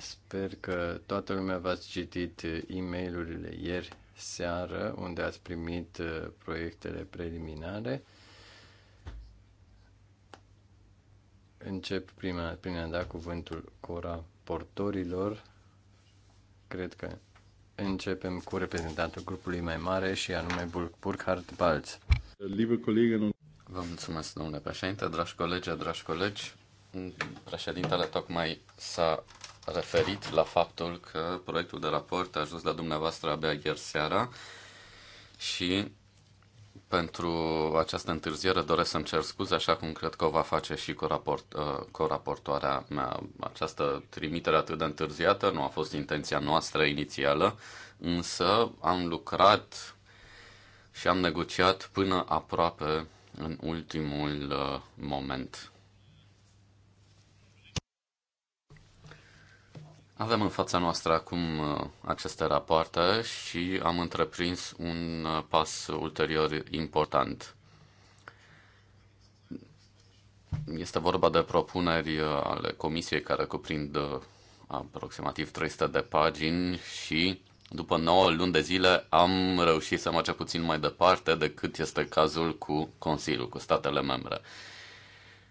Sper că toată lumea v-ați citit e eh, mail ieri seară, unde ați primit eh, proiectele preliminare. Încep prima, prin a da cuvântul Cora Portorilor. Cred că începem cu reprezentantul grupului mai mare și anume Burkhard Balz. Vă mulțumesc, domnule președinte, dragi colegi, dragi colegi. Președintele tocmai s-a referit la faptul că proiectul de raport a ajuns la dumneavoastră abia ieri seara și pentru această întârziere doresc să-mi cer scuze, așa cum cred că o va face și coraportoarea uh, mea. Această trimitere atât de întârziată nu a fost intenția noastră inițială, însă am lucrat și am negociat până aproape în ultimul uh, moment. Avem în fața noastră acum uh, aceste rapoarte și am întreprins un uh, pas ulterior important. Este vorba de propuneri uh, ale comisiei care cuprind aproximativ 300 de pagini și după 9 luni de zile am reușit să mergem puțin mai departe decât este cazul cu Consiliul, cu statele membre.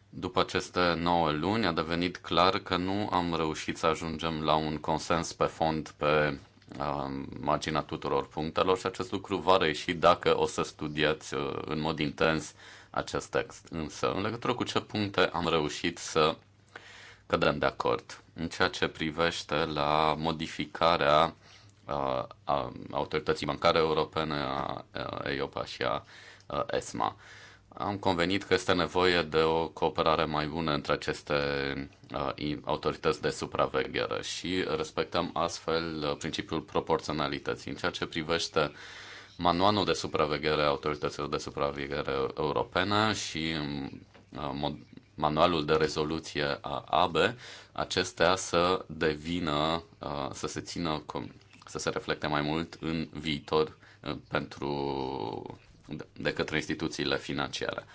După aceste 9 luni a devenit clar că nu am reușit să ajungem la un consens pe fond pe um, marginea tuturor punctelor și acest lucru va reieși dacă o să studiați uh, în mod intens acest text. Însă, în legătură cu ce puncte am reușit să cădem de acord în ceea ce privește la modificarea uh, a, autorității bancare europene, a, EIOPA și a ESMA am convenit că este nevoie de o cooperare mai bună între aceste uh, autorități de supraveghere și respectăm astfel uh, principiul proporționalității. În ceea ce privește manualul de supraveghere a autorităților de supraveghere europene și um, uh, manualul de rezoluție a ABE, acestea să devină, să se țină, să se reflecte mai mult în viitor pentru de către instituțiile financiare.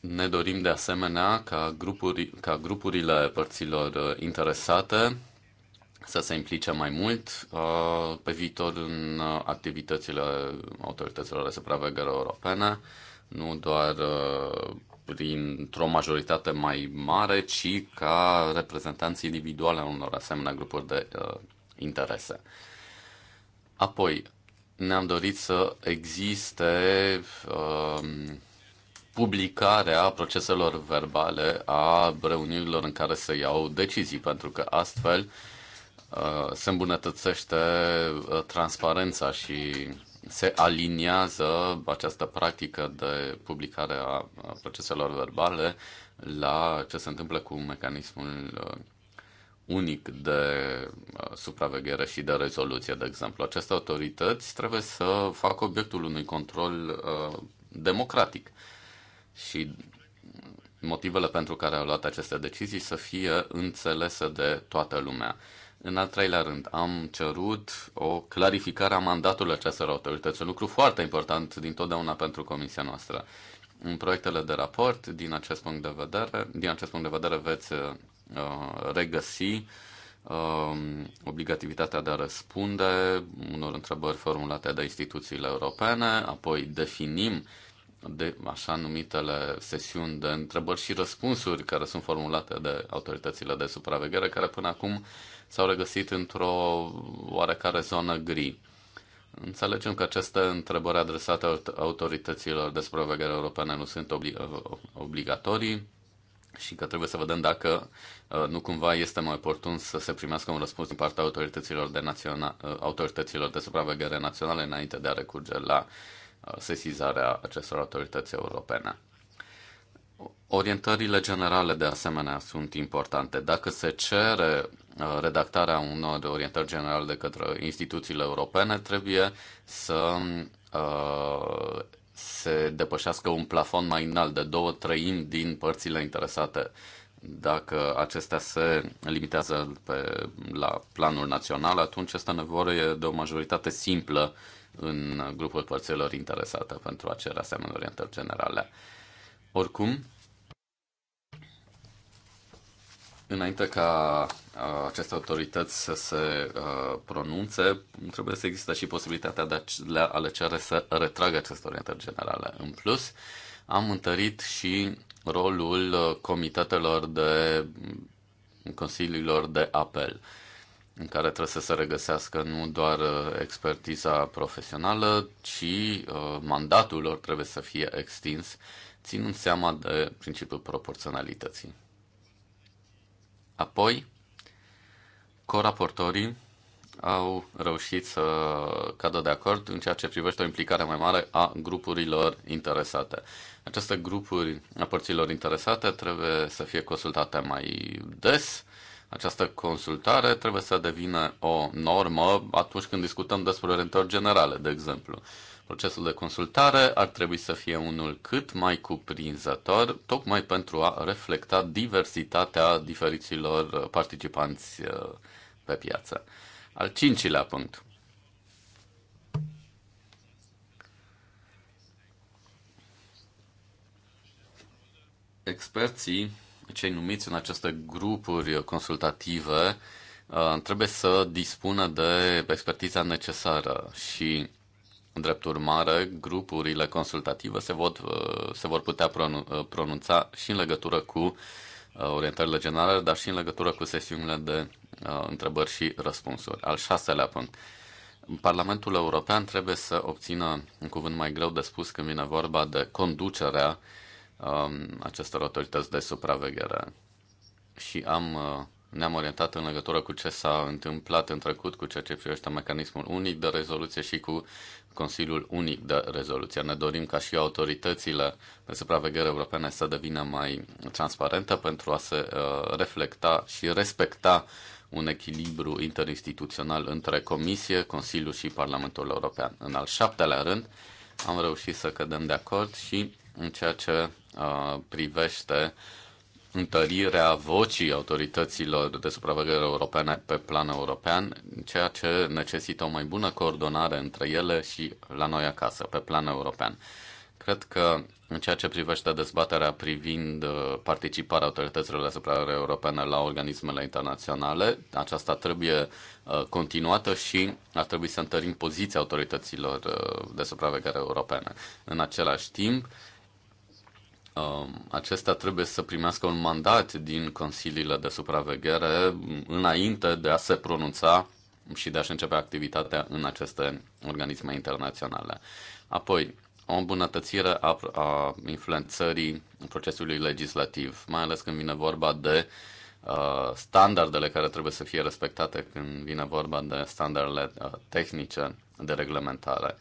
Ne dorim de asemenea ca, grupuri, ca grupurile părților uh, interesate să se implice mai mult uh, pe viitor în uh, activitățile autorităților de supraveghere europene, nu doar uh, printr-o majoritate mai mare, ci ca reprezentanți individuale a unor asemenea grupuri de uh, interese. Apoi, ne-am dorit să existe um, publicarea proceselor verbale a reuniunilor în care se iau decizii, pentru că astfel uh, se îmbunătățește uh, transparența și se aliniază această practică de publicare a proceselor verbale la ce se întâmplă cu mecanismul uh, unic de uh, supraveghere și de rezoluție, de exemplu. Aceste autorități trebuie să facă obiectul unui control uh, democratic. Și motivele pentru care au luat aceste decizii să fie înțelese de toată lumea. În al treilea rând, am cerut o clarificare a mandatului acestor autorități, un lucru foarte important dintotdeauna pentru comisia noastră. În proiectele de raport, din acest punct de vedere, din acest punct de vedere veți uh, Uh, regăsi um, obligativitatea de a răspunde unor întrebări formulate de instituțiile europene, apoi definim de așa numitele sesiuni de întrebări și răspunsuri care sunt formulate de autoritățile de supraveghere, care până acum s-au regăsit într-o oarecare zonă gri. Înțelegem că aceste întrebări adresate autorităților de supraveghere europene nu sunt obligatorii, și că trebuie să vedem dacă uh, nu cumva este mai oportun să se primească un răspuns din partea autorităților de, naționa, uh, autorităților de supraveghere naționale înainte de a recurge la uh, sesizarea acestor autorități europene. Orientările generale, de asemenea, sunt importante. Dacă se cere redactarea unor orientări generale de către instituțiile europene, trebuie să se depășească un plafon mai înalt de două treimi din părțile interesate. Dacă acestea se limitează pe, la planul național, atunci este nevoie de o majoritate simplă în grupul părților interesate pentru a cere asemenea orientări generale. Oricum, Înainte ca aceste autorități să se pronunțe, trebuie să există și posibilitatea de a le cere să retragă aceste orientări generale. În plus, am întărit și rolul comitetelor de consiliilor de apel, în care trebuie să se regăsească nu doar expertiza profesională, ci mandatul lor trebuie să fie extins, ținând seama de principiul proporționalității. Apoi, coraportorii au reușit să cadă de acord în ceea ce privește o implicare mai mare a grupurilor interesate. Aceste grupuri a părților interesate trebuie să fie consultate mai des. Această consultare trebuie să devină o normă atunci când discutăm despre orientări generale, de exemplu. Procesul de consultare ar trebui să fie unul cât mai cuprinzător, tocmai pentru a reflecta diversitatea diferiților participanți uh, pe piață. Al cincilea punct. Experții, cei numiți în aceste grupuri consultative, uh, trebuie să dispună de expertiza necesară și Drept urmare, grupurile consultative se, vot, uh, se vor putea uh, pronunța și în legătură cu uh, orientările generale, dar și în legătură cu sesiunile de întrebări și răspunsuri. Al șaselea punct. Parlamentul European trebuie să obțină un cuvânt mai greu de spus când vine vorba de conducerea um, acestor autorități de supraveghere. Și am uh, ne-am orientat în legătură cu ce s-a întâmplat în trecut, cu ceea ce privește mecanismul unic de rezoluție și cu Consiliul Unic de Rezoluție. Ne dorim ca și autoritățile de supraveghere europene să devină mai transparente pentru a se uh, reflecta și respecta un echilibru interinstituțional între Comisie, Consiliu și Parlamentul European. În al șaptelea rând, am reușit să cădem de acord și în ceea ce uh, privește uh, întărirea vocii autorităților de supraveghere europene pe plan european, ceea ce necesită o mai bună coordonare între ele și la noi acasă, pe plan european. Cred că în ceea ce privește dezbaterea privind uh, participarea autorităților de supraveghere europene la organismele internaționale, aceasta trebuie uh, continuată și ar trebui să întărim poziția autorităților uh, de supraveghere europene. În același timp, Um, acesta trebuie să primească un mandat din consiliile de supraveghere înainte de a se pronunța și de a-și începe activitatea în aceste organisme internaționale. Apoi, o îmbunătățire a, a influențării procesului legislativ, mai ales când vine vorba de uh, standardele care trebuie să fie respectate când vine vorba de standardele uh, tehnice de reglementare. Uh,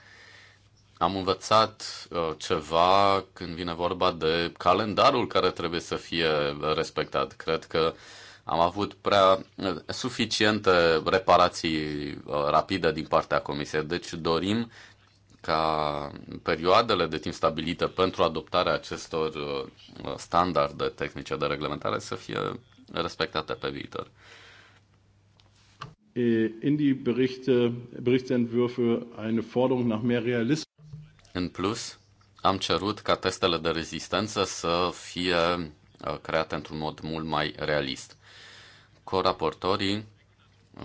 am învățat uh, ceva când vine vorba de calendarul care trebuie să fie respectat. Cred că am avut prea uh, suficiente reparații uh, rapide din partea Comisiei, deci dorim ca perioadele de timp stabilite pentru adoptarea acestor standarde tehnice de reglementare să fie respectate pe viitor. Äh, in die Berichte, Berichtsentwürfe eine Forderung nach mehr Realismus. În plus, am cerut ca testele de rezistență să fie uh, create într-un mod mult mai realist. Coraportorii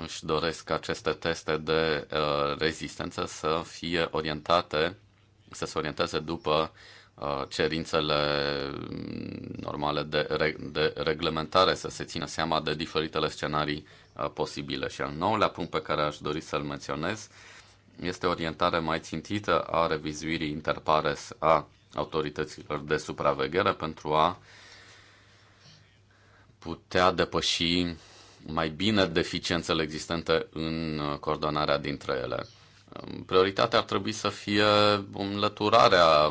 își doresc aceste teste de uh, rezistență să fie orientate, să se orienteze după uh, cerințele mm, normale de, re, de reglementare, să se țină seama de diferitele scenarii posibile. Și al nouălea punct pe care aș dori să-l menționez este orientare mai țintită a revizuirii interpares a autorităților de supraveghere pentru a putea depăși mai bine deficiențele existente în coordonarea dintre ele. Prioritatea ar trebui să fie înlăturarea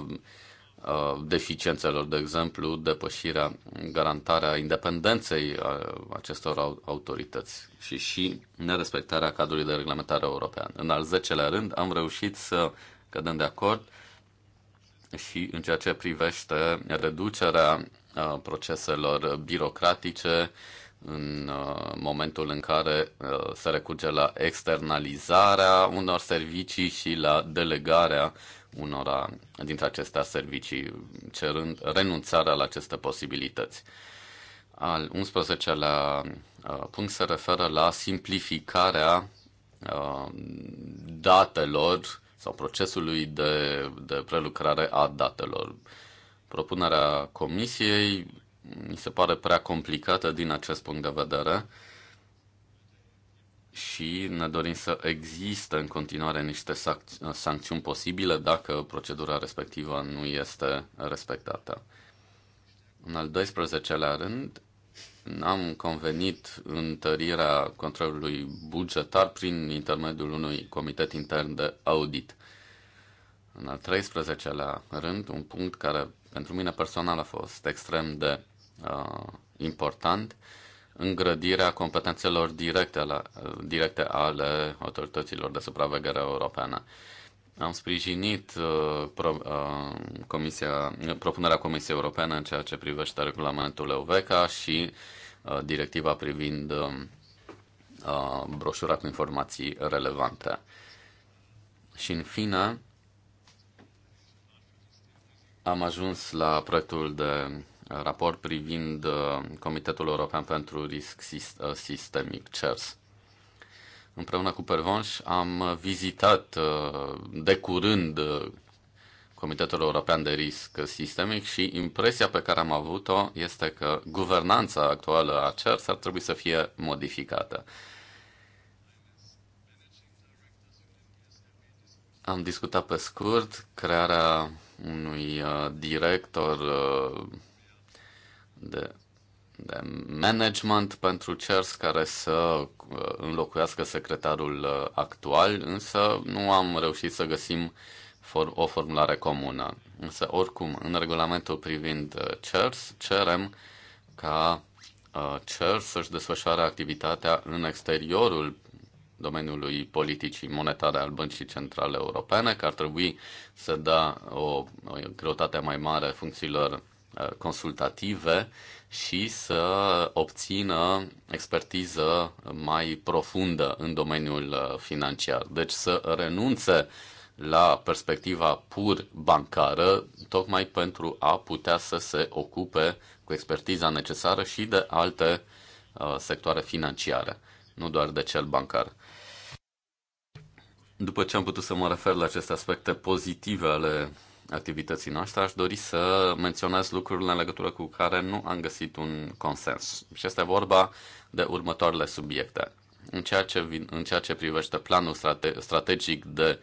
Uh, deficiențelor, de exemplu, depășirea, garantarea independenței uh, acestor autorități și și nerespectarea cadrului de reglementare european. În al zecelea rând, am reușit să cădem de acord și în ceea ce privește reducerea uh, proceselor birocratice în momentul în care se recurge la externalizarea unor servicii și la delegarea unora dintre acestea servicii, cerând renunțarea la aceste posibilități. Al 11-lea uh, punct se referă la simplificarea uh, datelor sau procesului de, de prelucrare a datelor. Propunerea comisiei mi se pare prea complicată din acest punct de vedere și ne dorim să există în continuare niște sancțiuni posibile dacă procedura respectivă nu este respectată. În al 12-lea rând, am convenit întărirea controlului bugetar prin intermediul unui comitet intern de audit. În al 13-lea rând, un punct care pentru mine personal a fost extrem de uh, important, uh, îngrădirea competențelor directe, la, directe ale autorităților de supraveghere europene. Am sprijinit uh, pro, uh, comisia, propunerea Comisiei Europene în ceea ce privește regulamentul EUVECA și uh, directiva privind uh, broșura cu informații relevante. Și în fine, am ajuns la proiectul de raport privind uh, Comitetul European pentru Risc uh, Sistemic, CERS. Împreună cu Pervonș am vizitat uh, de curând Comitetul European de Risc Sistemic și impresia pe care am avut-o este că guvernanța actuală a CERS ar trebui să fie modificată. Am discutat pe scurt crearea unui director de, de management pentru CERS care să uh, înlocuiască secretarul uh, actual, însă nu am reușit să găsim o formulare comună. Însă, oricum, în regulamentul privind uh, CERS, cerem ca CERS să-și desfășoare activitatea în exteriorul domeniului politicii monetare al Băncii Centrale Europene, că ar trebui să da o, o greutate mai mare funcțiilor Uh, consultative și să obțină expertiză mai profundă în domeniul uh, financiar. Deci să renunțe la perspectiva pur bancară, tocmai pentru a putea să se ocupe cu expertiza necesară și de alte uh, sectoare financiare, nu doar de cel bancar. După ce am putut să mă refer la aceste aspecte pozitive ale activității noastre, aș dori să menționez lucrurile în legătură cu care nu am găsit un consens. Și este vorba de următoarele subiecte. În ceea ce, în ceea ce privește planul strate, strategic de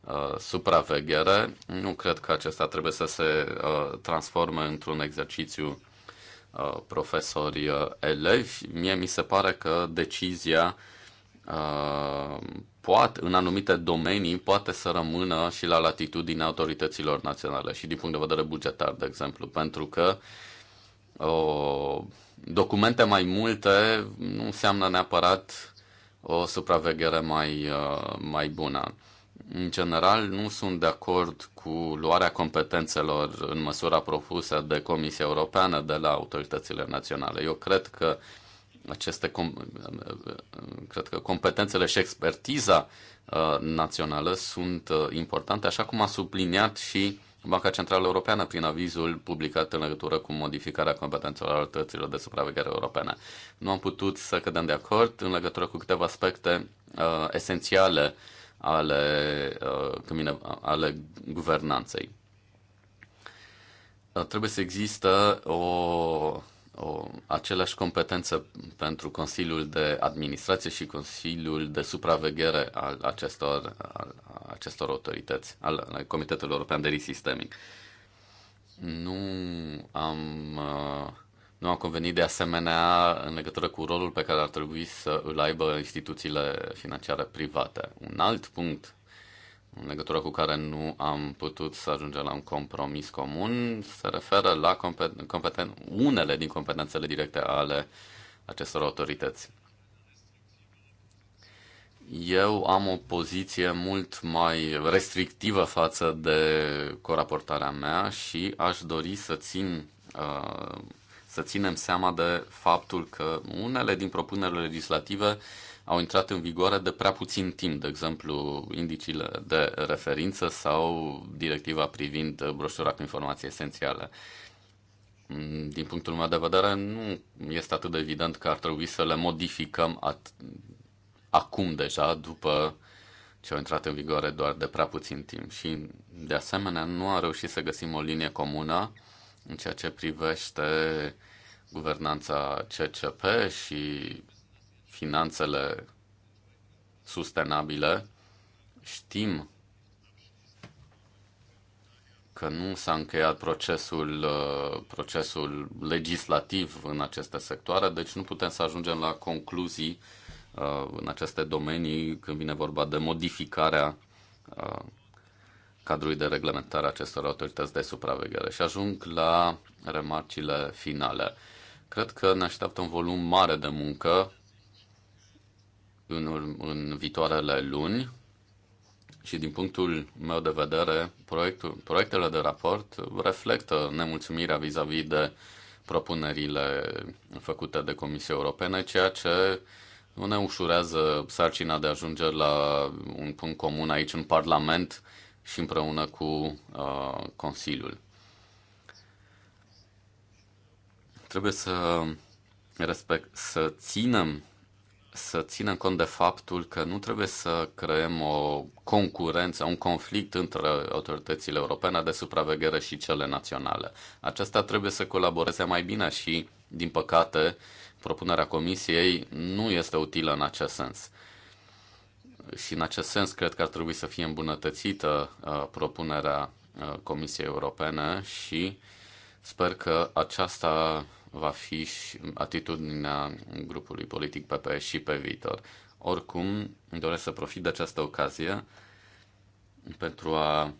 uh, supraveghere, nu cred că acesta trebuie să se uh, transforme într-un exercițiu uh, profesori-elevi. Uh, Mie mi se pare că decizia uh, poate, în anumite domenii poate să rămână și la latitudinea autorităților naționale și din punct de vedere bugetar, de exemplu, pentru că o, documente mai multe nu înseamnă neapărat o supraveghere mai, uh, mai bună. În general, nu sunt de acord cu luarea competențelor în măsura propusă de Comisia Europeană de la autoritățile naționale. Eu cred că uh, aceste eh, cred că competențele și expertiza eh, națională sunt eh, importante, așa cum a subliniat și Banca Centrală Europeană prin avizul publicat în legătură cu modificarea competențelor autorităților de supraveghere europene. Nu am putut să cădem de acord în legătură cu câteva aspecte uh, esențiale ale, uh, ale guvernanței. Uh, trebuie să există o o, aceleași competențe pentru Consiliul de Administrație și Consiliul de Supraveghere al acestor, al acestor autorități, al, al Comitetului European de Risc Sistemic. Nu am, uh, nu am convenit de asemenea în legătură cu rolul pe care ar trebui să îl aibă instituțiile financiare private. Un alt punct în legătură cu care nu am putut să ajungem la un compromis comun, se referă la competen- competen- unele din competențele directe ale acestor autorități. Eu am o poziție mult mai restrictivă față de coraportarea mea și aș dori să țin uh, să ținem seama de faptul că unele din propunerile legislative au intrat în vigoare de prea puțin timp, de exemplu, indiciile de referință sau directiva privind broșura cu informații esențiale. Din punctul meu de vedere, nu este atât de evident că ar trebui să le modificăm at- acum deja, după ce au intrat în vigoare doar de prea puțin timp. Și, de asemenea, nu a reușit să găsim o linie comună în ceea ce privește guvernanța CCP și finanțele sustenabile, știm că nu s-a încheiat procesul, uh, procesul legislativ în aceste sectoare, deci nu putem să ajungem la concluzii uh, în aceste domenii când vine vorba de modificarea uh, cadrului de reglementare a acestor autorități de supraveghere. Și ajung la remarcile finale. Cred că ne așteaptă un volum mare de muncă în, în viitoarele luni și din punctul meu de vedere, proiectul, proiectele de raport reflectă nemulțumirea vis-a-vis -vis de propunerile făcute de Comisia Europeană, ceea ce nu ne ușurează sarcina de a ajunge la un punct comun aici în Parlament și împreună cu uh, Consiliul. Trebuie să, respect, să ținem să ținem cont de faptul că nu trebuie să creăm o concurență, un conflict între autoritățile europene de supraveghere și cele naționale. Acestea trebuie să colaboreze mai bine și, din păcate, propunerea Comisiei nu este utilă în acest sens. Și în acest sens cred că ar trebui să fie îmbunătățită uh, propunerea uh, Comisiei Europene și sper că aceasta va fi și atitudinea grupului politic PP și pe viitor. Oricum, doresc să profit de această ocazie pentru a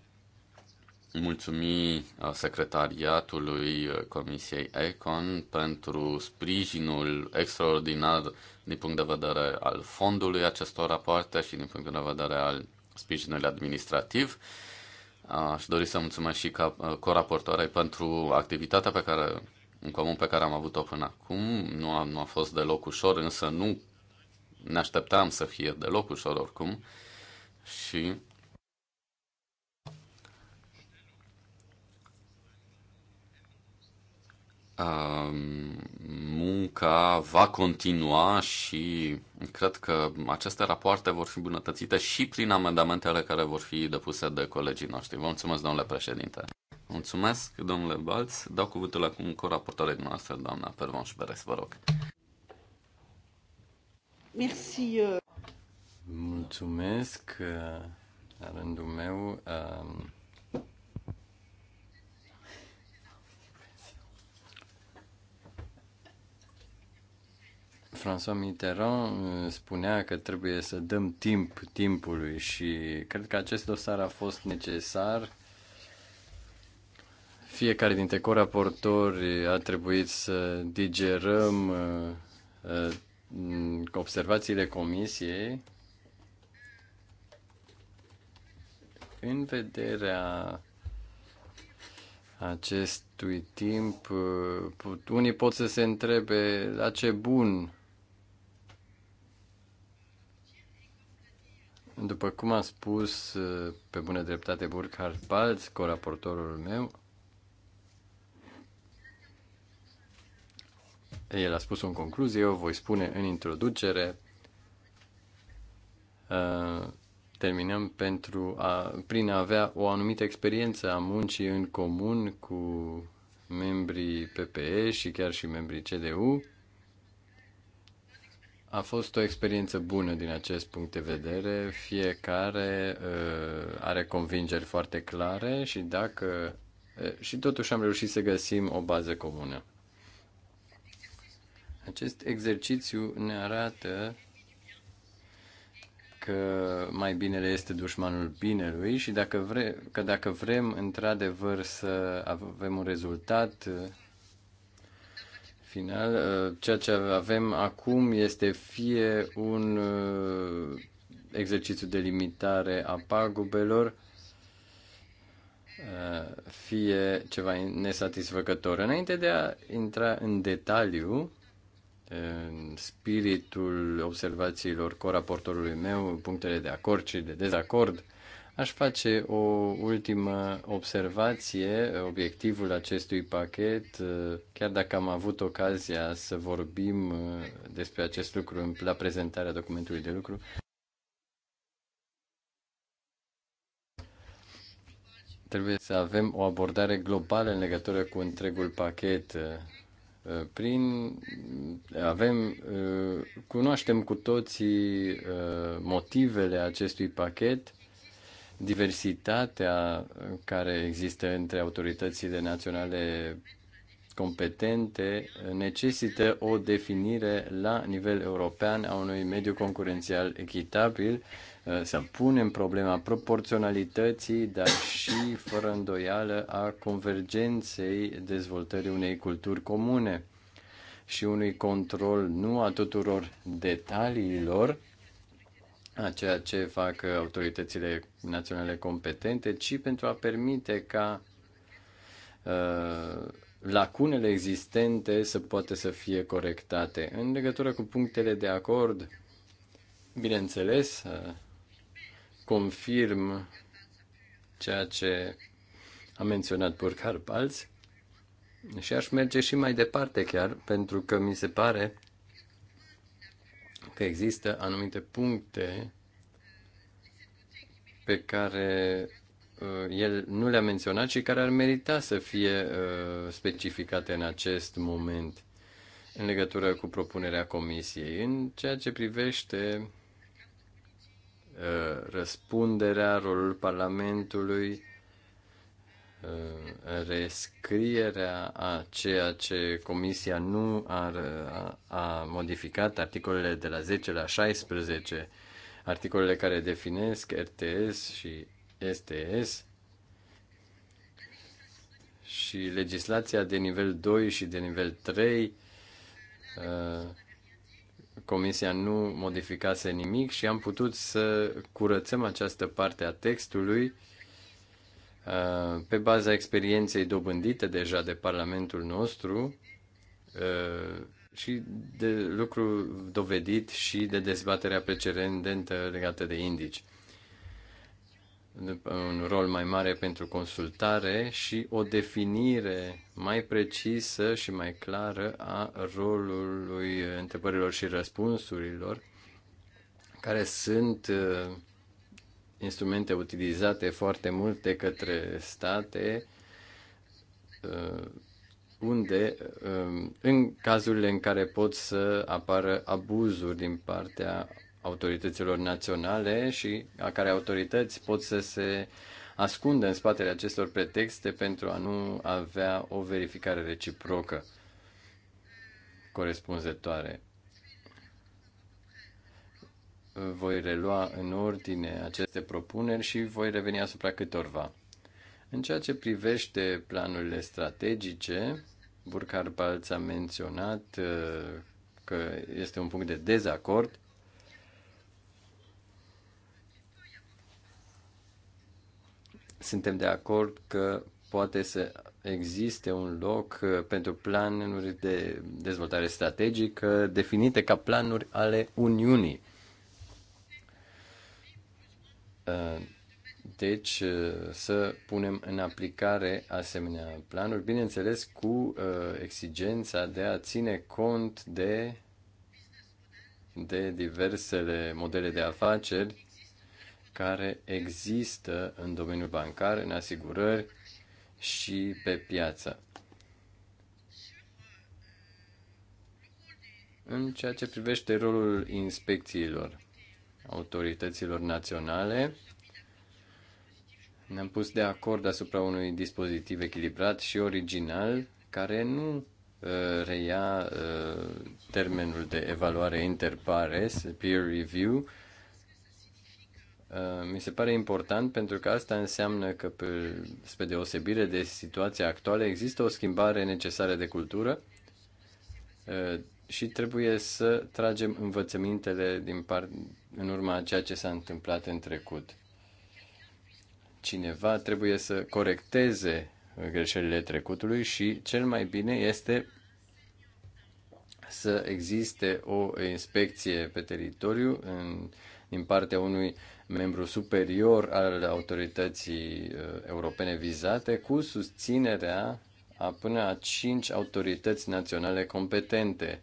mulțumi uh, secretariatului uh, Comisiei Econ pentru sprijinul extraordinar din punct de vedere al fondului acestor rapoarte și din punct de vedere al sprijinului administrativ. Aș dori să mulțumesc și ca uh, coraportoarei pentru activitatea pe care în comun pe care am avut-o până acum. Nu a, nu a fost deloc ușor, însă nu ne așteptam să fie deloc ușor oricum. Și munca va continua și cred că aceste rapoarte vor fi bunătățite și prin amendamentele care vor fi depuse de colegii noștri. Vă mulțumesc, domnule președinte. Mulțumesc, domnule Balț. Dau cuvântul acum cu raportoarea noastră, doamna Pervan Șberes, vă rog. Merci. Uh. Mulțumesc, uh, la rândul meu. Um, François Mitterrand uh, spunea că trebuie să dăm timp timpului și cred că acest dosar a fost necesar fiecare dintre coraportori a trebuit să digerăm uh, uh, observațiile comisiei în vederea acestui timp, uh, unii pot să se întrebe la ce bun. După cum a spus pe bună dreptate Burkhard Balz, coraportorul meu, el a spus-o în concluzie, eu voi spune în introducere. Uh, terminăm pentru a, prin a avea o anumită experiență a muncii în comun cu membrii PPE și chiar și membrii CDU. A fost o experiență bună din acest punct de vedere. Fiecare uh, are convingeri foarte clare și dacă uh, și totuși am reușit să găsim o bază comună. Acest exercițiu ne arată că mai binele este dușmanul binelui și dacă vre, că dacă vrem într-adevăr să avem un rezultat uh, final, uh, ceea ce avem acum este fie un uh, exercițiu de limitare a pagubelor, fie ceva nesatisfăcător. Înainte de a intra în detaliu, în spiritul observațiilor coraportorului meu, punctele de acord și de dezacord, aș face o ultimă observație. Obiectivul acestui pachet, chiar dacă am avut ocazia să vorbim uh, despre acest lucru la prezentarea documentului de lucru, trebuie să avem o abordare globală în legătură cu întregul pachet uh, Uh, prin avem uh, cunoaștem cu toții uh, motivele acestui pachet, diversitatea care există între autoritățile naționale competente necesită o definire la nivel european a unui mediu concurențial echitabil Eh, să punem problema proporționalității, dar și, fără îndoială, a convergenței dezvoltării unei culturi comune și unui control nu a tuturor detaliilor, a ceea ce fac autoritățile naționale competente, ci pentru a permite ca eh, lacunele existente să poată să fie corectate. În legătură cu punctele de acord, bineînțeles, eh, confirm ceea ce a menționat Burkhard Balz și aș merge și mai departe chiar, pentru că mi se pare că există anumite puncte pe care uh, el nu le-a menționat și care ar merita să fie uh, specificate în acest moment în legătură cu propunerea comisiei. În ceea ce privește Uh, răspunderea, rolul Parlamentului, uh, rescrierea a ceea ce Comisia nu ar, a, a modificat, articolele de la 10 la 16, articolele care definesc RTS și STS și legislația de nivel 2 și de nivel 3, Comisia nu modificase nimic și am putut să curățăm această parte a textului uh, pe baza experienței dobândite deja de Parlamentul nostru uh, și de lucru dovedit și de dezbaterea precedentă legată de indici un rol mai mare pentru consultare și o definire mai precisă și mai clară a rolului întrebărilor și răspunsurilor, care sunt uh, instrumente utilizate foarte mult de către state, uh, unde, uh, în cazurile în care pot să apară abuzuri din partea autorităților naționale și a care autorități pot să se ascundă în spatele acestor pretexte pentru a nu avea o verificare reciprocă corespunzătoare. Voi relua în ordine aceste propuneri și voi reveni asupra câtorva. În ceea ce privește planurile strategice, Burkhard Balț a menționat uh, că este un punct de dezacord Suntem de acord că poate să existe un loc uh, pentru planuri de dezvoltare strategică definite ca planuri ale Uniunii. Uh, deci uh, să punem în aplicare asemenea planuri, bineînțeles cu exigența de a ține cont de, de diversele modele de afaceri care există în domeniul bancar, în asigurări și pe piață. În ceea ce privește rolul inspecțiilor autorităților naționale, ne-am pus de acord asupra unui dispozitiv echilibrat și original care nu uh, reia uh, termenul de evaluare interpares, peer review, Uh, mi se pare important pentru că asta înseamnă că, pe, spre deosebire de situația actuală, există o schimbare necesară de cultură uh, și trebuie să tragem învățămintele din part, în urma a ceea ce s-a întâmplat în trecut. Cineva trebuie să corecteze greșelile trecutului și cel mai bine este să existe o inspecție pe teritoriu în, din partea unui uh, membru superior al autorității uh, europene vizate, cu susținerea a până a cinci autorități naționale competente,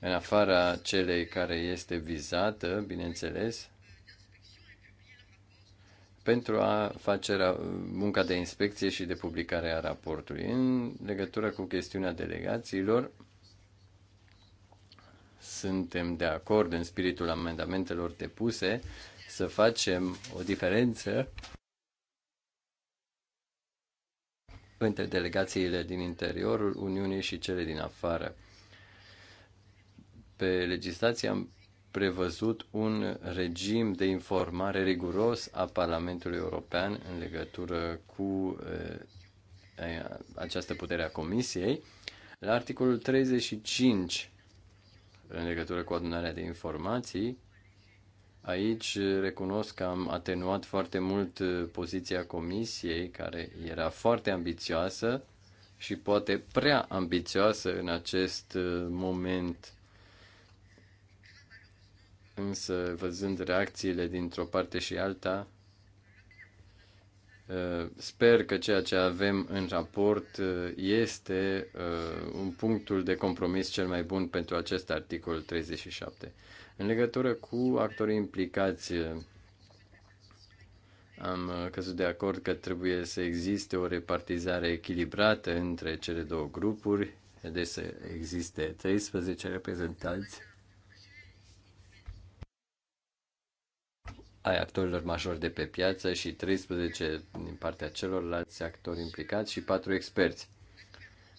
în afara celei care este vizată, bineînțeles, pentru a face munca de inspecție și de publicare a raportului. În legătură cu chestiunea delegațiilor, suntem de acord în spiritul amendamentelor depuse să facem o diferență între delegațiile din interiorul Uniunii și cele din afară. Pe legislație am prevăzut un regim de informare riguros a Parlamentului European în legătură cu eh, această putere a Comisiei. La articolul 35, în legătură cu adunarea de informații, Aici recunosc că am atenuat foarte mult uh, poziția comisiei, care era foarte ambițioasă și poate prea ambițioasă în acest uh, moment. Însă, văzând reacțiile dintr-o parte și alta, uh, Sper că ceea ce avem în raport este un punctul de compromis cel mai bun pentru acest articol 37. În legătură cu actorii implicați, am căzut de acord că trebuie să existe o repartizare echilibrată între cele două grupuri, deci să existe 13 reprezentanți ai actorilor majori de pe piață și 13 din partea celorlalți actori implicați și 4 experți.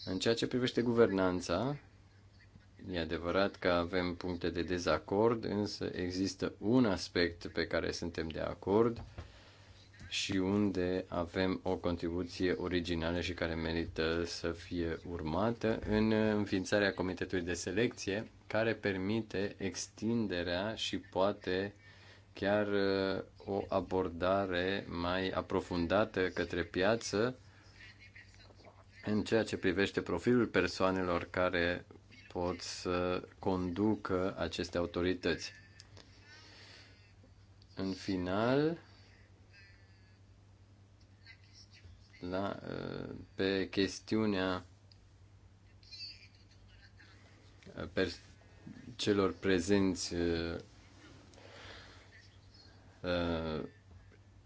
În ceea ce privește guvernanța, E adevărat că avem puncte de dezacord, însă există un aspect pe care suntem de acord și unde avem o contribuție originală și care merită să fie urmată în înființarea comitetului de selecție, care permite extinderea și poate chiar uh, o abordare mai aprofundată către piață în ceea ce privește profilul persoanelor care pot să conducă aceste autorități. În final, la, uh, pe chestiunea uh, celor prezenți uh,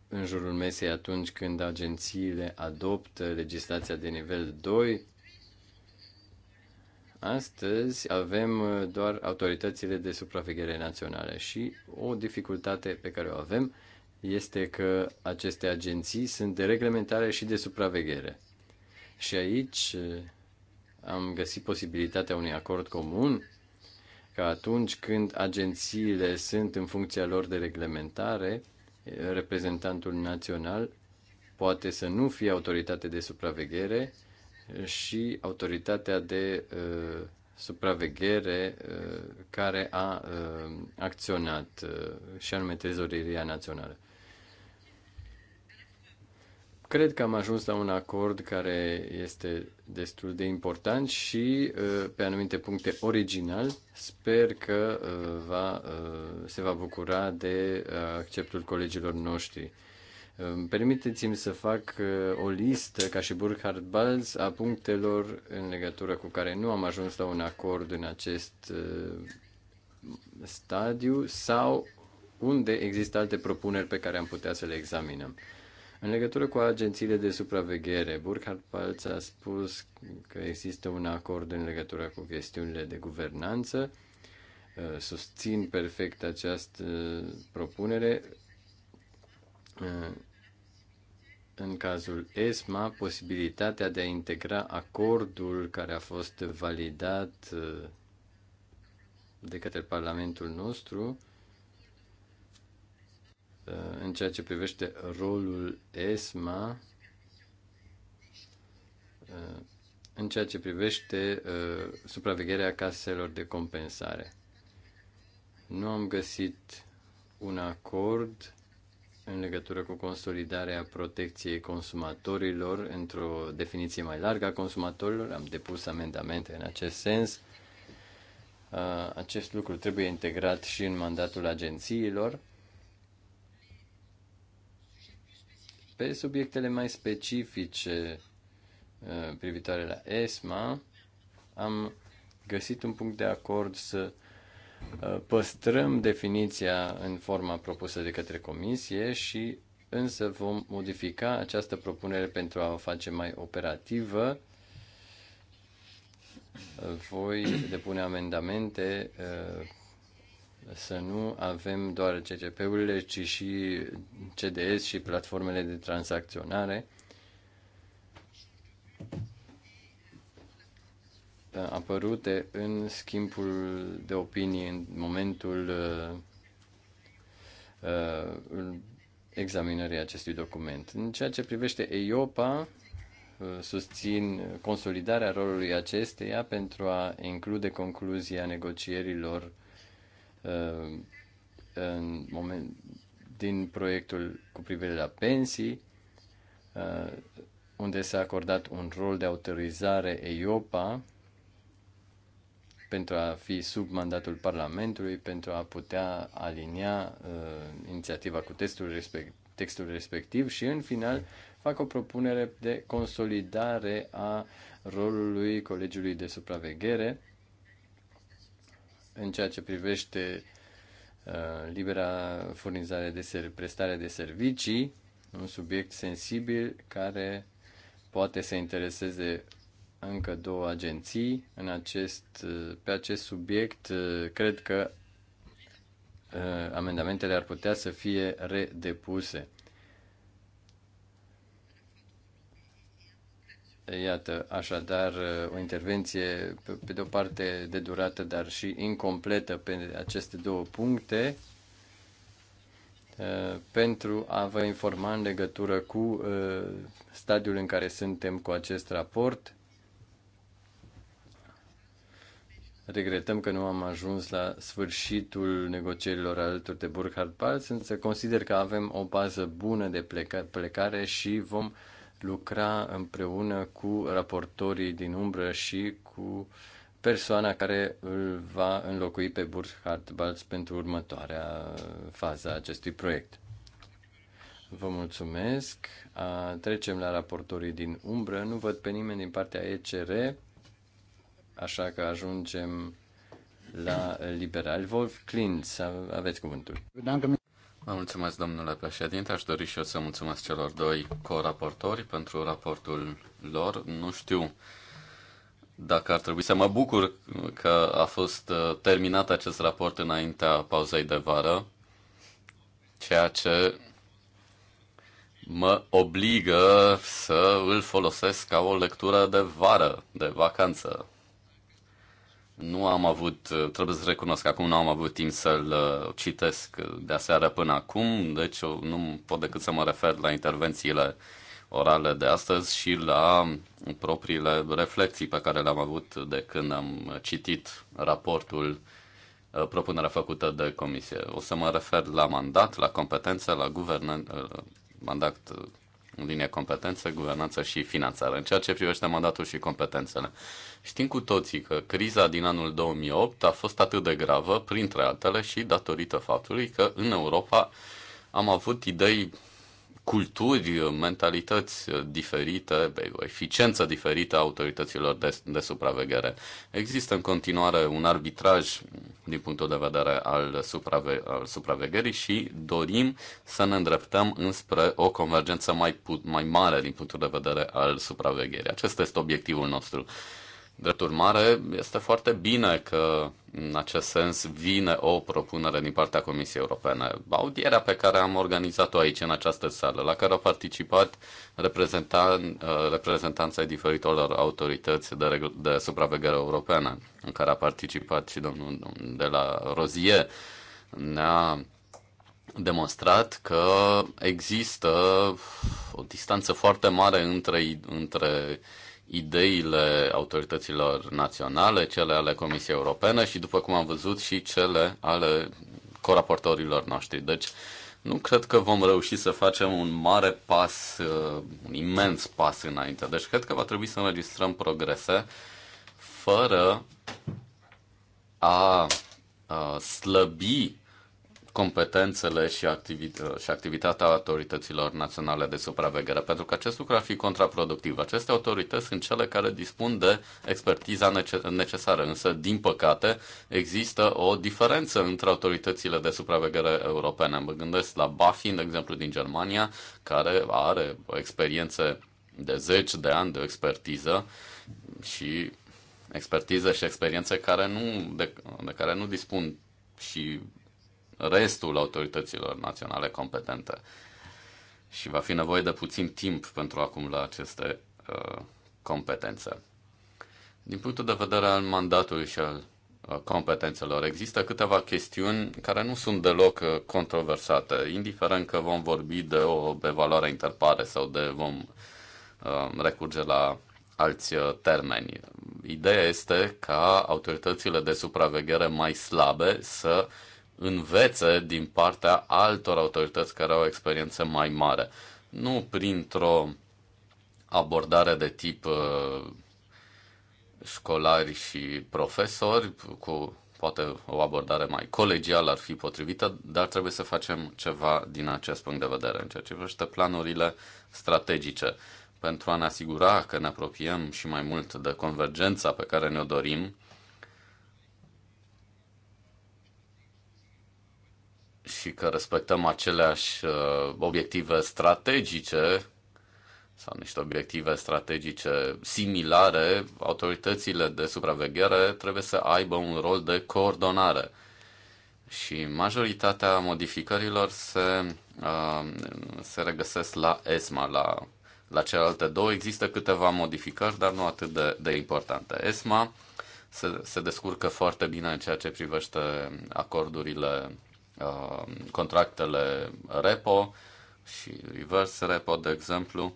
în jurul mesei atunci când agențiile adoptă legislația de nivel 2, Astăzi avem uh, doar autoritățile de supraveghere naționale și o dificultate pe care o avem este că aceste agenții sunt de reglementare și de supraveghere. Și aici uh, am găsit posibilitatea unui acord comun că atunci când agențiile sunt în funcția lor de reglementare, reprezentantul național poate să nu fie autoritate de supraveghere, și autoritatea de uh, supraveghere uh, care a uh, acționat uh, și anume Trezoreria Națională. Cred că am ajuns la un acord care este destul de important și uh, pe anumite puncte original. Sper că uh, va, uh, se va bucura de acceptul colegilor noștri Permiteți-mi să fac uh, o listă, ca și Burkhard Balz, a punctelor în legătură cu care nu am ajuns la un acord în acest uh, stadiu sau unde există alte propuneri pe care am putea să le examinăm. În legătură cu agențiile de supraveghere, Burkhard Palț a spus că există un acord în legătură cu chestiunile de guvernanță. Uh, susțin perfect această propunere în cazul ESMA, posibilitatea de a integra acordul care a fost validat de către Parlamentul nostru în ceea ce privește rolul ESMA, în ceea ce privește supravegherea caselor de compensare. Nu am găsit un acord în legătură cu consolidarea protecției consumatorilor într-o definiție mai largă a consumatorilor. Am depus amendamente în acest sens. Uh, acest lucru trebuie integrat și în mandatul agențiilor. Pe subiectele mai specifice uh, privitoare la ESMA, am găsit un punct de acord să Uh, păstrăm definiția în forma propusă de către comisie și însă vom modifica această propunere pentru a o face mai operativă. Uh, voi depune amendamente uh, să nu avem doar CCP-urile, ci și CDS și platformele de tranzacționare Uh, apărute în schimbul de opinie în momentul uh, uh, examinării acestui document. În ceea ce privește EIOPA, uh, susțin consolidarea rolului acesteia pentru a include concluzia negocierilor uh, în moment, din proiectul cu privire la pensii, uh, unde s-a acordat un rol de autorizare EIOPA pentru a fi sub mandatul Parlamentului, pentru a putea alinia uh, inițiativa cu textul, respect, textul respectiv și, în final, fac o propunere de consolidare a rolului Colegiului de Supraveghere în ceea ce privește uh, libera furnizare de prestare de servicii, un subiect sensibil care poate să intereseze încă două agenții în acest, pe acest subiect. Cred că uh, amendamentele ar putea să fie redepuse. Iată, așadar, o intervenție, pe, de o parte, de durată, dar și incompletă pe aceste două puncte, uh, pentru a vă informa în legătură cu uh, stadiul în care suntem cu acest raport Regretăm că nu am ajuns la sfârșitul negocierilor alături de Burkhard Palz, însă consider că avem o bază bună de plecare și vom lucra împreună cu raportorii din umbră și cu persoana care îl va înlocui pe Burkhard Balz pentru următoarea fază a acestui proiect. Vă mulțumesc. Trecem la raportorii din umbră. Nu văd pe nimeni din partea ECR. Așa că ajungem la liberal. Wolf Klintz, aveți cuvântul. Vă mulțumesc, domnule președinte. Aș dori și eu să mulțumesc celor doi coraportori pentru raportul lor. Nu știu dacă ar trebui să mă bucur că a fost uh, terminat acest raport înaintea pauzei de vară, ceea ce mă obligă să îl folosesc ca o lectură de vară, de vacanță. Nu am avut, uh, trebuie să recunosc, acum nu am avut timp să-l uh, citesc uh, de aseară până acum, deci nu pot decât să mă refer la intervențiile orale de astăzi și la propriile reflexii pe care le-am avut de când am citit raportul, propunerea făcută de comisie. O să mă refer la mandat, la competență, la guvernanță, mandat în linie competență, guvernanță și finanțare. În ceea ce privește mandatul și competențele. Știm cu toții că criza din anul 2008 a fost atât de gravă, printre altele, și datorită faptului că în Europa am avut idei, culturi, mentalități diferite, eficiență diferită a autorităților de, de supraveghere. Există în continuare un arbitraj din punctul de vedere al, suprave, al supravegherii și dorim să ne îndreptăm înspre o convergență mai, mai mare din punctul de vedere al supravegherii. Acesta este obiectivul nostru. Drept urmare, este foarte bine că în acest sens vine o propunere din partea Comisiei Europene. Audierea pe care am organizat-o aici, în această sală, la care au participat reprezentan, reprezentanții diferitelor autorități de, regl- de supraveghere europeană, în care a participat și domnul de la Rozie, ne-a demonstrat că există o distanță foarte mare între, între ideile autorităților naționale, cele ale Comisiei Europene și, după cum am văzut, și cele ale coraportorilor noștri. Deci, nu cred că vom reuși să facem un mare pas, uh, un imens pas înainte. Deci, cred că va trebui să înregistrăm progrese fără a uh, slăbi competențele și, activit- și activitatea autorităților naționale de supraveghere, pentru că acest lucru ar fi contraproductiv. Aceste autorități sunt cele care dispun de expertiza necesară, însă, din păcate, există o diferență între autoritățile de supraveghere europene. Mă gândesc la BaFin, de exemplu, din Germania, care are experiențe de zeci de ani de expertiză și expertiză și experiențe care nu, de, de care nu dispun și restul autorităților naționale competente. Și va fi nevoie de puțin timp pentru a acumula aceste uh, competențe. Din punctul de vedere al mandatului și al uh, competențelor. Există câteva chestiuni care nu sunt deloc uh, controversate, indiferent că vom vorbi de o evaluare interpare sau de vom uh, recurge la alți termeni. Ideea este ca autoritățile de supraveghere mai slabe să uh, învețe din partea altor autorități care au o experiență mai mare. Nu printr-o abordare de tip uh, școlari și profesori, cu poate o abordare mai colegială ar fi potrivită, dar trebuie să facem ceva din acest punct de vedere în ceea ce privește planurile strategice. Pentru a ne asigura că ne apropiem și mai mult de convergența pe care ne-o dorim, și că respectăm aceleași uh, obiective strategice sau niște obiective strategice similare, autoritățile de supraveghere trebuie să aibă un rol de coordonare. Și majoritatea modificărilor se, uh, se regăsesc la ESMA, la, la celelalte două. Există câteva modificări, dar nu atât de, de importante. ESMA se, se descurcă foarte bine în ceea ce privește acordurile Uh, contractele repo și reverse repo, de exemplu,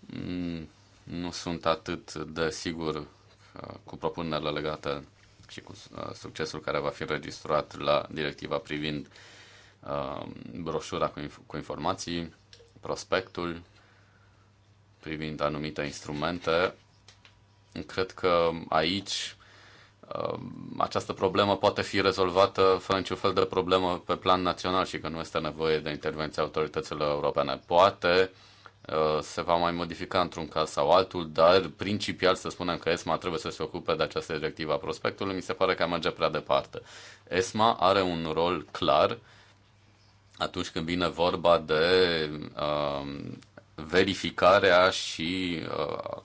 mm, nu sunt atât de sigur uh, cu propunerile legate și cu uh, succesul care va fi înregistrat la directiva privind broșura cu, informații, prospectul privind anumite instrumente. Cred că aici Um, această problemă poate fi rezolvată fără niciun fel de problemă pe plan național și că nu este nevoie de intervenția autorităților europene. Poate uh, se va mai modifica într-un caz sau altul, dar principial să spunem că ESMA trebuie să se ocupe de această directivă a prospectului, mi se pare că merge prea departe. ESMA are un rol clar atunci când vine vorba de uh, verificarea și uh,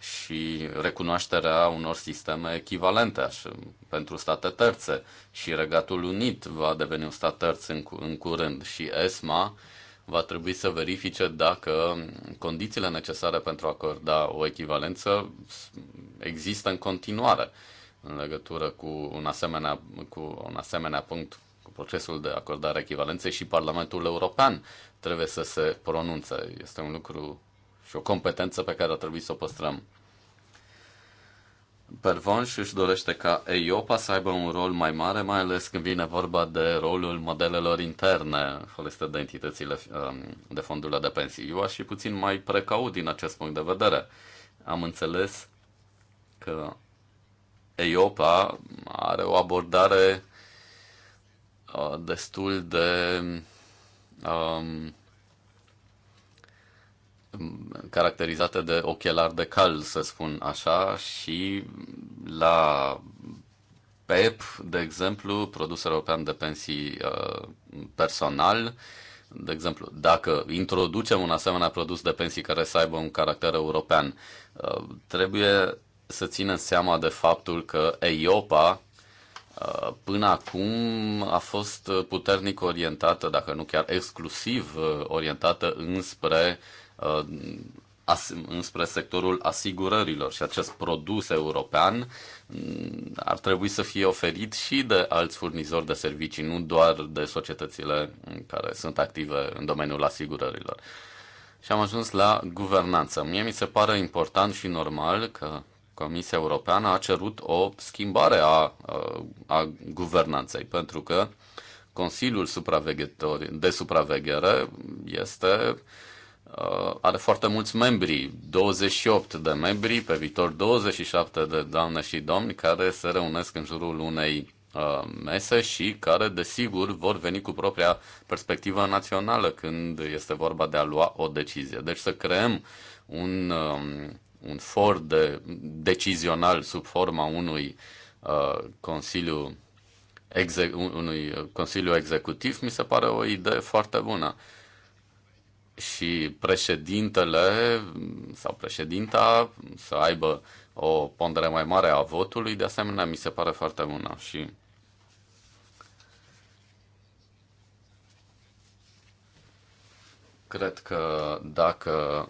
și recunoașterea unor sisteme echivalente așa, pentru state terțe și Regatul Unit va deveni un stat terț în, în curând și ESMA va trebui să verifice dacă condițiile necesare pentru a acorda o echivalență există în continuare în legătură cu un asemenea, cu un asemenea punct cu procesul de acordare echivalenței și Parlamentul European trebuie să se pronunțe. Este un lucru și o competență pe care ar trebui să o păstrăm. Pervonș își dorește ca EIOPA să aibă un rol mai mare, mai ales când vine vorba de rolul modelelor interne folosite de entitățile um, de fondurile de pensii. Eu aș fi puțin mai precaut din acest punct de vedere. Am înțeles că EIOPA are o abordare uh, destul de um, caracterizate de ochelar de cal, să spun așa, și la PEP, de exemplu, produs european de pensii uh, personal, de exemplu, dacă introducem un asemenea produs de pensii care să aibă un caracter european, uh, trebuie să ținem seama de faptul că EIOPA uh, până acum a fost puternic orientată, dacă nu chiar exclusiv orientată înspre Uh, înspre sectorul asigurărilor și acest produs european mm, ar trebui să fie oferit și de alți furnizori de servicii, nu doar de societățile care sunt active în domeniul asigurărilor. Și am ajuns la guvernanță. Mie mi se pare important și normal că Comisia Europeană a cerut o schimbare a, a guvernanței, pentru că Consiliul de Supraveghere este Uh, are foarte mulți membri, 28 de membri, pe viitor 27 de doamne și domni, care se reunesc în jurul unei uh, mese și care, desigur, vor veni cu propria perspectivă națională când este vorba de a lua o decizie. Deci să creăm un, um, un for de, decizional sub forma unui uh, consiliu exec, unui uh, consiliu executiv mi se pare o idee foarte bună. Uh, și președintele sau președinta să aibă o pondere mai mare a votului, de asemenea mi se pare foarte bună și cred că dacă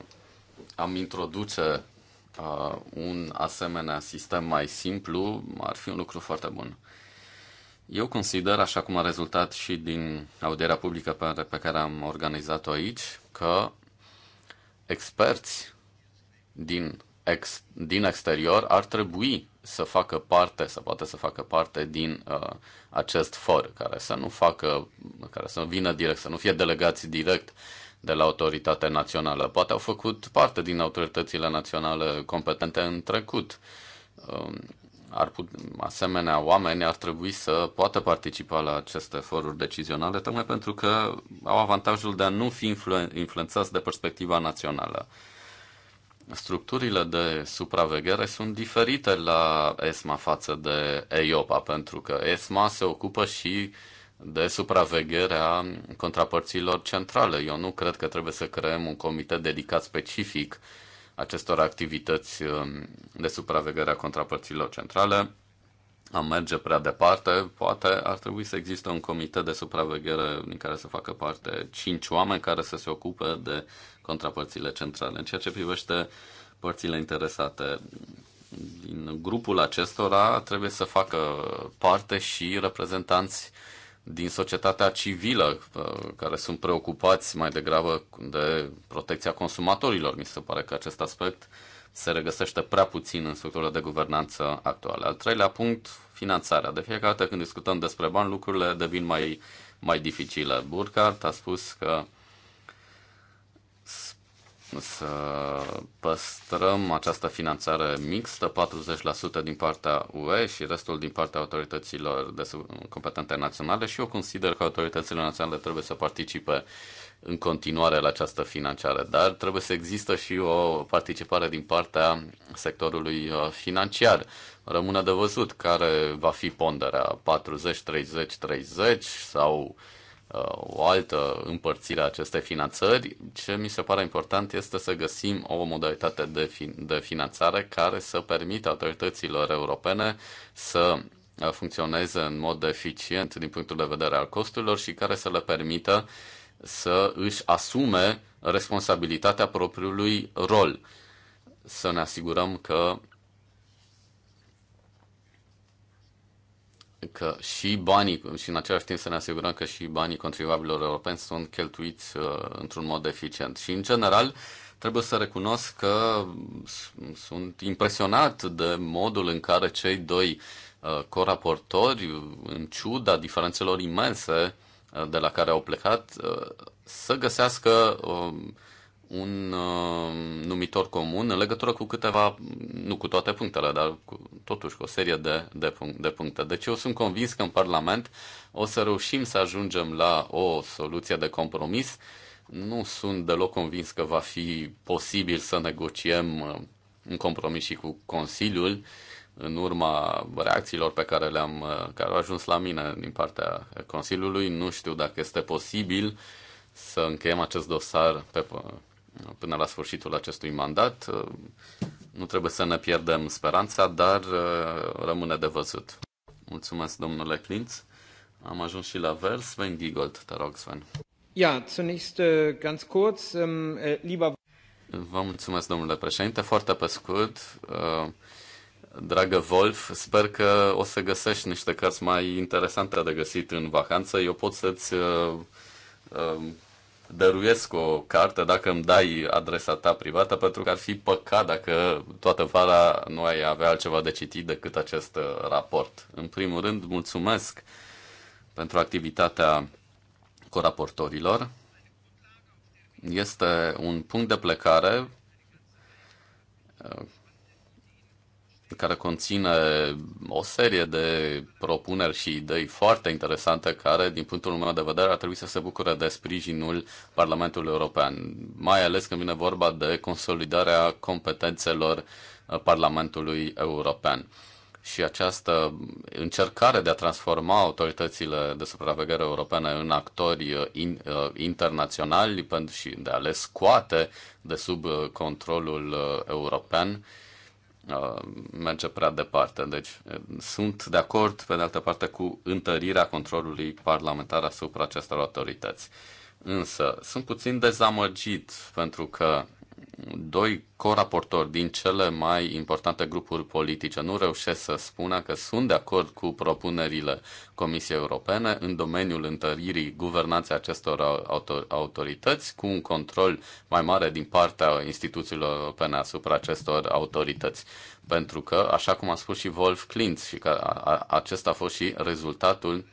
am introduce uh, un asemenea sistem mai simplu, ar fi un lucru foarte bun. Eu consider, așa cum a rezultat și din audierea publică pe, care am organizat-o aici, că experți din, ex, din exterior ar trebui să facă parte, să poată să facă parte din uh, acest for, care să nu facă, care să vină direct, să nu fie delegați direct de la autoritatea națională. Poate au făcut parte din autoritățile naționale competente în trecut. Uh, ar put, asemenea oameni ar trebui să poată participa la aceste foruri decizionale, tocmai pentru că au avantajul de a nu fi influ- influențați de perspectiva națională. Structurile de supraveghere sunt diferite la ESMA față de EIOPA, pentru că ESMA se ocupă și de supravegherea contrapărților centrale. Eu nu cred că trebuie să creăm un comitet dedicat specific uh, acestor activități um, de supraveghere a contrapărților centrale. A merge prea departe, poate ar trebui să existe un comitet de supraveghere din care să facă parte cinci oameni care să se ocupe de contrapărțile centrale. În ceea ce privește părțile interesate, din grupul acestora trebuie să facă parte și reprezentanți uh, din societatea civilă uh, care sunt preocupați mai degrabă de protecția consumatorilor. Mi se pare că acest aspect se regăsește prea puțin în structura de guvernanță actuală. Al treilea punct, finanțarea. De fiecare dată când discutăm despre bani, lucrurile devin mai, mai dificile. Burkhardt a spus că să păstrăm această finanțare mixtă, 40% din partea UE și restul din partea autorităților de competente naționale și eu consider că autoritățile naționale trebuie să participe în continuare la această finanțare, dar trebuie să există și o participare din partea sectorului uh, financiar. Rămâne de văzut care va fi ponderea 40, 30, 30 sau Uh, o altă împărțire a acestei finanțări. Ce mi se pare important este să găsim o modalitate de, fin- de finanțare care să permită autorităților europene să uh, funcționeze în mod eficient din punctul de vedere al costurilor și care să le permită să își asume responsabilitatea propriului rol. Să ne asigurăm că că și banii, și în același timp să ne asigurăm că și banii contribuabililor europeni sunt cheltuiți uh, într-un mod eficient. Și, în general, trebuie să recunosc că sunt impresionat de modul în care cei doi uh, coraportori, în ciuda diferențelor imense uh, de la care au plecat, să găsească um, un uh, numitor comun în legătură cu câteva, nu cu toate punctele, dar cu, totuși cu o serie de, de, punct, de puncte. Deci eu sunt convins că în Parlament o să reușim să ajungem la o soluție de compromis. Nu sunt deloc convins că va fi posibil să negociem uh, un compromis și cu Consiliul în urma reacțiilor pe care le-am, uh, care au ajuns la mine din partea Consiliului. Nu știu dacă este posibil să încheiem acest dosar pe, până la sfârșitul acestui mandat. Nu trebuie să ne pierdem speranța, dar uh, rămâne de văzut. Mulțumesc, domnule Clinț. Am ajuns și la vers. Sven Giegold, te rog, Sven. Ja, zunächst äh, ganz kurz, ähm, äh, lieber... Vă mulțumesc, domnule președinte. Foarte pe scurt, uh, dragă Wolf, sper că o să găsești niște cărți mai interesante de găsit în vacanță. Eu pot să-ți uh, dăruiesc o carte dacă îmi dai adresa ta privată, pentru că ar fi păcat dacă toată vara nu ai avea altceva de citit decât acest uh, raport. În primul rând, mulțumesc pentru activitatea coraportorilor. Este un punct de plecare uh, care conține o serie de propuneri și idei foarte interesante care, din punctul meu de vedere, ar trebui să se bucure de sprijinul Parlamentului European, mai ales când vine vorba de consolidarea competențelor uh, Parlamentului European. Și această încercare de a transforma autoritățile de supraveghere europene în actori uh, in, uh, internaționali pentru și de a le scoate de sub controlul european Uh, merge prea departe. Deci uh, sunt de acord, pe de altă parte, cu întărirea controlului parlamentar asupra acestor autorități. Însă sunt puțin dezamăgit pentru că doi coraportori din cele mai importante grupuri politice nu reușesc să spună că sunt de acord cu propunerile Comisiei Europene în domeniul întăririi guvernanței acestor autorități cu un control mai mare din partea instituțiilor europene asupra acestor autorități. Pentru că, așa cum a spus și Wolf Klintz, și că acesta a fost și rezultatul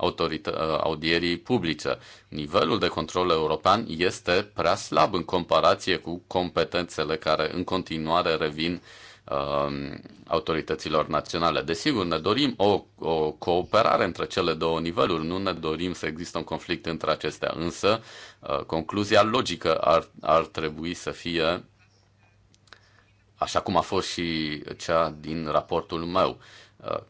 Uh, audierii publice. Nivelul de control european este prea slab în comparație cu competențele care în continuare revin um, autorităților naționale. Desigur, ne dorim o, o cooperare între cele două niveluri, nu ne dorim să există un conflict între acestea, însă uh, concluzia logică ar, ar trebui să fie așa cum a fost și cea din raportul meu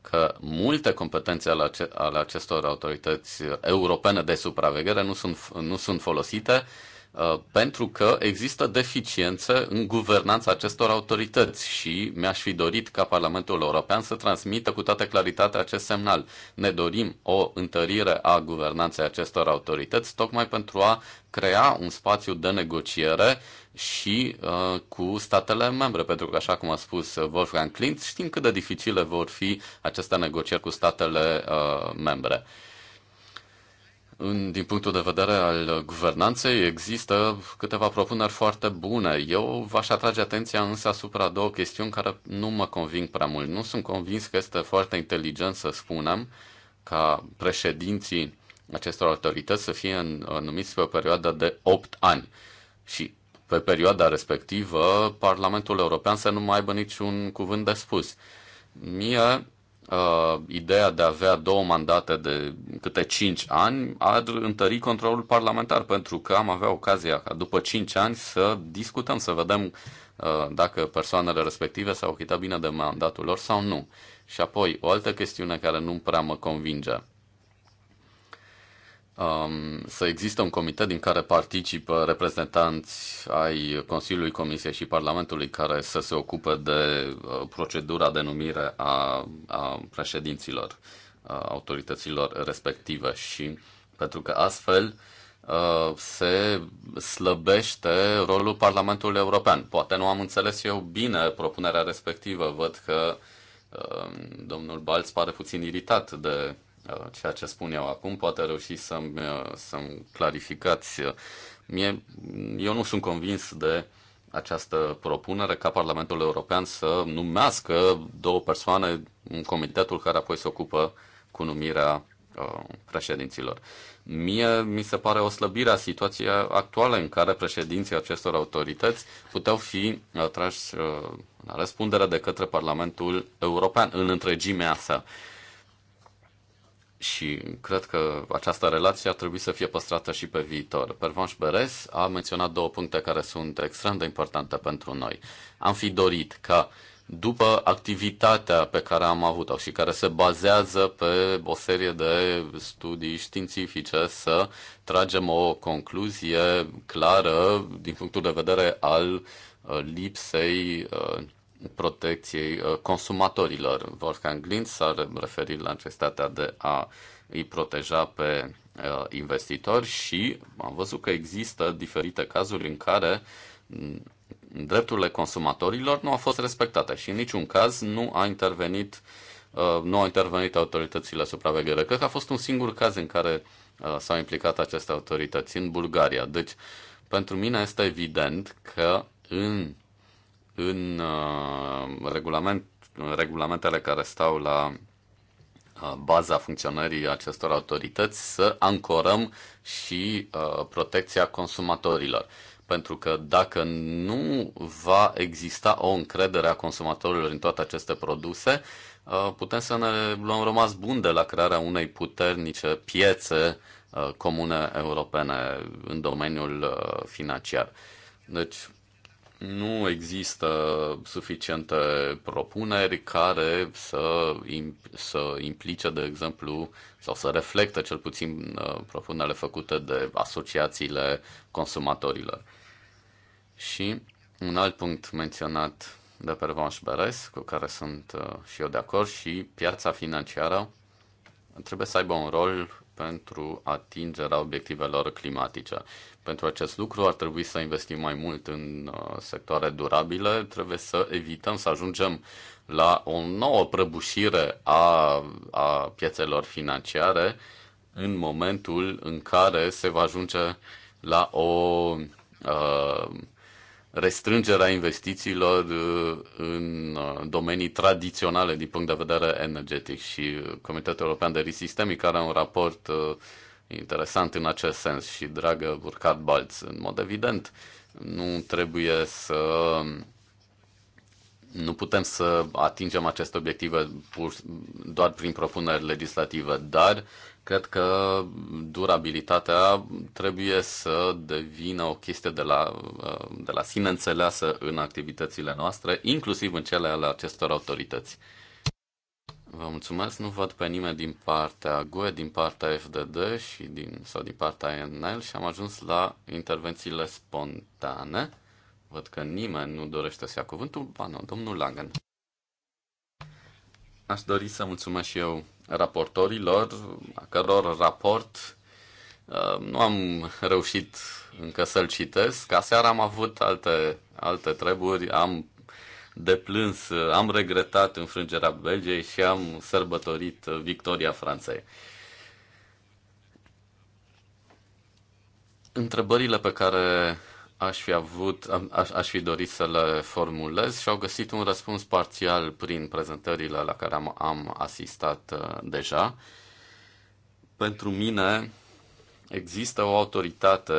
că multe competențe ale, ace- ale acestor autorități europene de supraveghere nu sunt, nu sunt folosite Uh, pentru că există deficiențe în guvernanța acestor autorități și mi-aș fi dorit ca Parlamentul European să transmită cu toată claritatea acest semnal. Ne dorim o întărire a guvernanței acestor autorități tocmai pentru a crea un spațiu de negociere și uh, cu statele membre, pentru că, așa cum a spus Wolfgang Klintz, știm cât de dificile vor fi aceste negocieri cu statele uh, membre. În, din punctul de vedere al guvernanței, există câteva propuneri foarte bune. Eu v-aș atrage atenția însă asupra două chestiuni care nu mă conving prea mult. Nu sunt convins că este foarte inteligent să spunem ca președinții acestor autorități să fie uh, numiți pe o perioadă de 8 ani. Și pe perioada respectivă, Parlamentul European să nu mai aibă niciun cuvânt de spus. Mie uh, ideea de a avea două mandate de câte cinci ani ar întări controlul parlamentar, pentru că am avea ocazia ca după cinci ani să discutăm, să vedem uh, dacă persoanele respective s-au achitat bine de mandatul lor sau nu. Și apoi, o altă chestiune care nu prea mă convinge um, să există un comitet din care participă reprezentanți ai Consiliului Comisiei și Parlamentului care să se ocupe de uh, procedura de numire a, a președinților uh, autorităților respective și pentru că astfel uh, se slăbește rolul Parlamentului European. Poate nu am înțeles eu bine propunerea respectivă. Văd că uh, domnul Balț pare puțin iritat de Uh, ceea ce spun eu acum, poate reuși să-mi, uh, să-mi clarificați. Mie, eu nu sunt convins de această propunere ca Parlamentul European să numească două persoane în comitetul care apoi se ocupă cu numirea uh, președinților. Mie mi se pare o slăbire a situației actuale în care președinții acestor autorități puteau fi trași la răspundere de către Parlamentul European în întregimea sa și cred că această relație ar trebui să fie păstrată și pe viitor. Pervanș Beres a menționat două puncte care sunt extrem de importante pentru noi. Am fi dorit ca după activitatea pe care am avut-o și care se bazează pe o serie de studii științifice, să tragem o concluzie clară din punctul de vedere al uh, lipsei uh, protecției uh, consumatorilor. Wolfgang Lind s-a referit la necesitatea de a îi proteja pe uh, investitori și am văzut că există diferite cazuri în care mm, drepturile consumatorilor nu au fost respectate și în niciun caz nu a intervenit uh, nu au intervenit autoritățile supraveghere. Cred că a fost un singur caz în care s-au implicat aceste autorități în Bulgaria. Deci, pentru mine este evident că în în uh, regulament, regulamentele care stau la uh, baza funcționării acestor autorități să ancorăm și uh, protecția consumatorilor. Pentru că dacă nu va exista o încredere a consumatorilor în toate aceste produse, putem să ne luăm rămas bun de la crearea unei puternice piețe comune europene în domeniul financiar. Deci, nu există suficiente propuneri care să, să implice, de exemplu, sau să reflecte cel puțin uh, propunerile făcute de asociațiile consumatorilor. Și un alt punct menționat de pe Beres, cu care sunt uh, și eu de acord, și piața financiară trebuie să aibă un rol pentru atingerea obiectivelor climatice pentru acest lucru, ar trebui să investim mai mult în uh, sectoare durabile, trebuie să evităm să ajungem la o nouă prăbușire a, a piețelor financiare în momentul în care se va ajunge la o uh, restrângere a investițiilor uh, în domenii tradiționale din punct de vedere energetic și Comitetul European de Risc Sistemic are un raport interesant în acest sens și, dragă Burcat Balț, în mod evident, nu trebuie să nu putem să atingem aceste obiective pur, doar prin propuneri legislative, dar cred că durabilitatea trebuie să devină o chestie de la, de la sine înțeleasă în activitățile noastre, inclusiv în cele ale acestor autorități. Vă mulțumesc. Nu văd pe nimeni din partea GUE, din partea FDD și din, sau din partea NL și am ajuns la intervențiile spontane. Văd că nimeni nu dorește să ia cuvântul. Ba nu, domnul Langen. Aș dori să mulțumesc și eu raportorilor, a căror raport uh, nu am reușit încă să-l citesc. Aseară am avut alte, alte treburi, am de plâns, uh, am regretat înfrângerea Belgiei și am sărbătorit uh, victoria Franței. Întrebările pe care aș fi avut, aș, aș fi dorit să le formulez și au găsit un răspuns parțial prin prezentările la care am, am asistat uh, deja. Pentru mine există o autoritate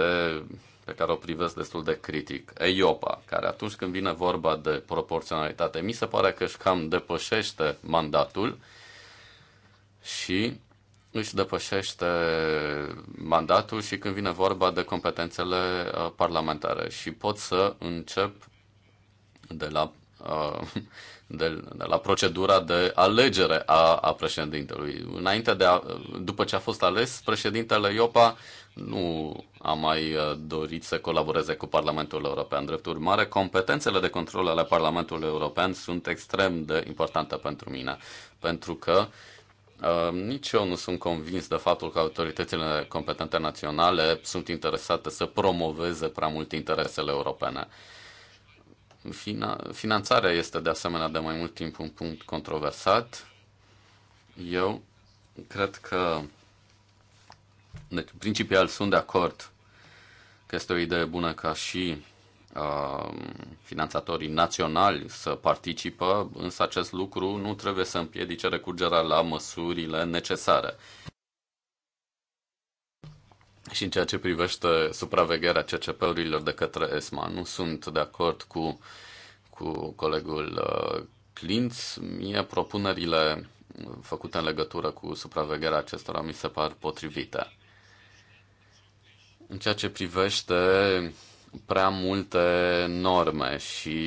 pe care o privesc destul de critic, EIOPA, care atunci când vine vorba de proporționalitate, mi se pare că își cam depășește mandatul și își depășește mandatul și când vine vorba de competențele uh, parlamentare. Și pot să încep de la Uh, de, de la procedura de alegere a, a președintelui. Înainte de a, după ce a fost ales, președintele Iopa nu a mai uh, dorit să colaboreze cu Parlamentul European. Drept urmare, competențele de control ale Parlamentului European sunt extrem de importante pentru mine, pentru că Uh, nici eu nu sunt convins de faptul că autoritățile competente naționale sunt interesate să promoveze prea mult interesele europene. Uh, Finanțarea este de asemenea de mai mult timp un punct controversat. Eu cred că deci, principial sunt de acord că este o idee bună ca și uh, finanțatorii naționali să participă, însă acest lucru nu trebuie să împiedice recurgerea la măsurile necesare și în ceea ce privește supravegherea CCP-urilor de către ESMA. Nu sunt de acord cu, cu colegul uh, Clint. Mie propunerile făcute în legătură cu supravegherea acestora mi se par potrivite. În ceea ce privește prea multe norme și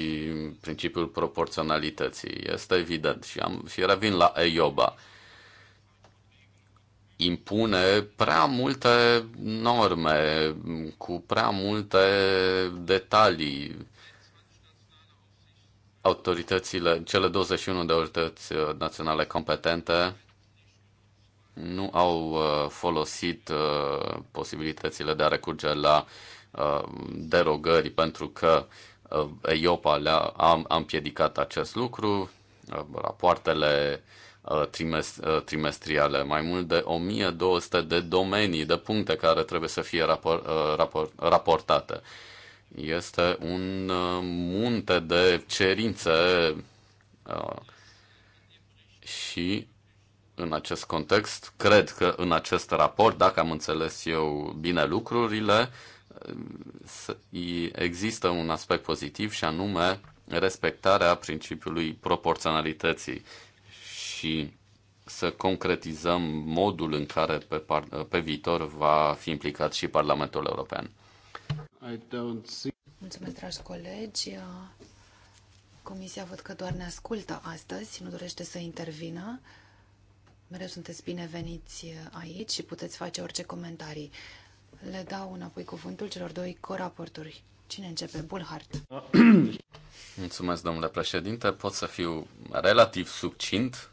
principiul proporționalității, este evident și, am, și revin la EIOBA impune prea multe norme, cu prea multe detalii. Autoritățile, cele 21 de autorități uh, naționale competente nu au uh, folosit uh, posibilitățile de a recurge la derogări pentru că EIOPA le-a, a, împiedicat acest lucru. Rapoartele uh, Uh, uh, trimestriale, mai mult de 1200 de domenii, de puncte care trebuie să fie rapor, uh, rapor, raportate. Este un munte de cerințe și în acest context, cred că în acest raport, dacă am înțeles eu bine lucrurile, există un aspect pozitiv și anume respectarea principiului proporționalității și să concretizăm modul în care pe, par- pe viitor va fi implicat și Parlamentul European. I don't see... Mulțumesc, dragi colegi. Comisia văd că doar ne ascultă astăzi, nu dorește să intervină. Mereu sunteți bineveniți aici și puteți face orice comentarii. Le dau înapoi cuvântul celor doi coraporturi. Cine începe? Bulhart. Mulțumesc, domnule președinte. Pot să fiu relativ succint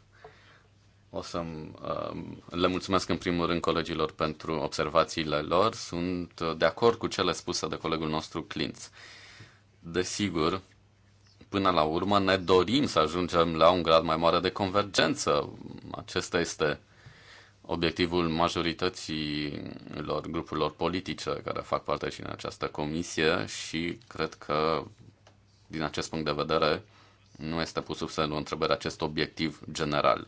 o să uh, le mulțumesc în primul rând colegilor pentru observațiile lor. Sunt uh, de acord cu cele spuse de colegul nostru Clint. Desigur, până la urmă ne dorim să ajungem la un grad mai mare de convergență. Acesta este obiectivul majorității lor grupurilor politice care fac parte și în această comisie și cred că din acest punct de vedere nu este pus sub semnul întrebări acest obiectiv general.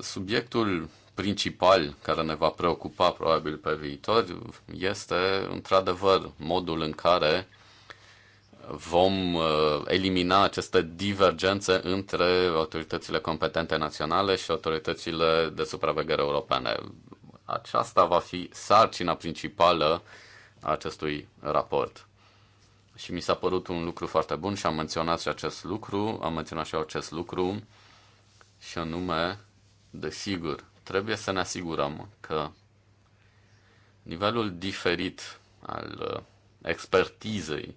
Subiectul principal care ne va preocupa probabil pe viitor este într-adevăr modul în care vom uh, elimina aceste divergențe între autoritățile competente naționale și autoritățile de supraveghere europene. Aceasta va fi sarcina principală a acestui raport. Și mi s-a părut un lucru foarte bun și am menționat și acest lucru, am menționat și acest lucru și anume Desigur, trebuie să ne asigurăm că nivelul diferit al uh, expertizei,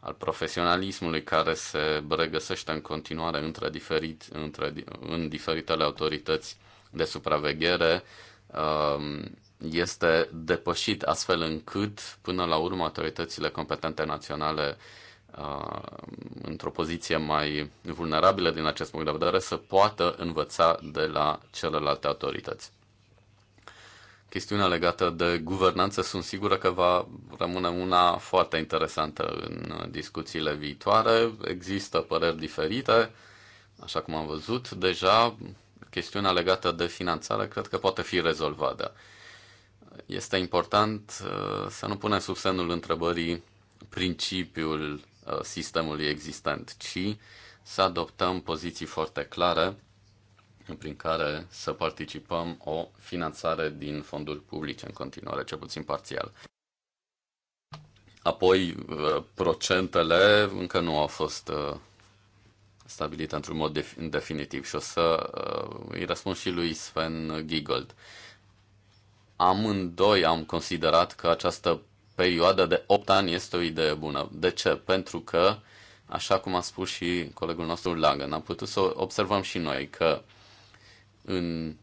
al profesionalismului care se regăsește în continuare între diferit, între, în diferitele autorități de supraveghere um, este depășit astfel încât, până la urmă, autoritățile competente naționale într-o poziție mai vulnerabilă din acest punct de vedere să poată învăța de la celelalte autorități. Chestiunea legată de guvernanță sunt sigură că va rămâne una foarte interesantă în discuțiile viitoare. Există păreri diferite, așa cum am văzut deja. Chestiunea legată de finanțare cred că poate fi rezolvată. Este important uh, să nu punem sub semnul întrebării principiul Uh, sistemului existent, ci să adoptăm poziții foarte clare prin care să participăm o finanțare din fonduri publice în continuare, cel puțin parțial. Apoi, uh, procentele încă nu au fost uh, stabilite într-un mod definitiv și o să îi răspund și lui Sven Giegold. Amândoi am considerat că această perioada de 8 ani este o idee bună. De ce? Pentru că, așa cum a spus și colegul nostru Langen, am putut să observăm și noi că în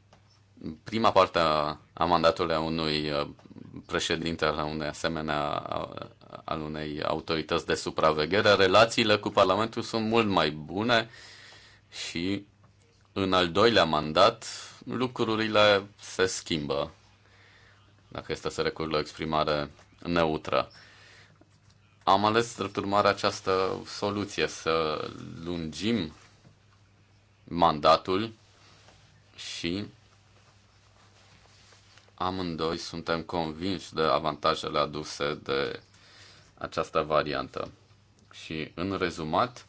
prima parte a, a mandatului a unui uh, președinte al unei asemenea al unei autorități de supraveghere, relațiile cu Parlamentul sunt mult mai bune și în al doilea mandat lucrurile se schimbă, dacă este să recurg la exprimare neutră. Am ales, drept urmare, această soluție, să lungim mandatul și amândoi suntem convinși de avantajele aduse de această variantă. Și, în rezumat,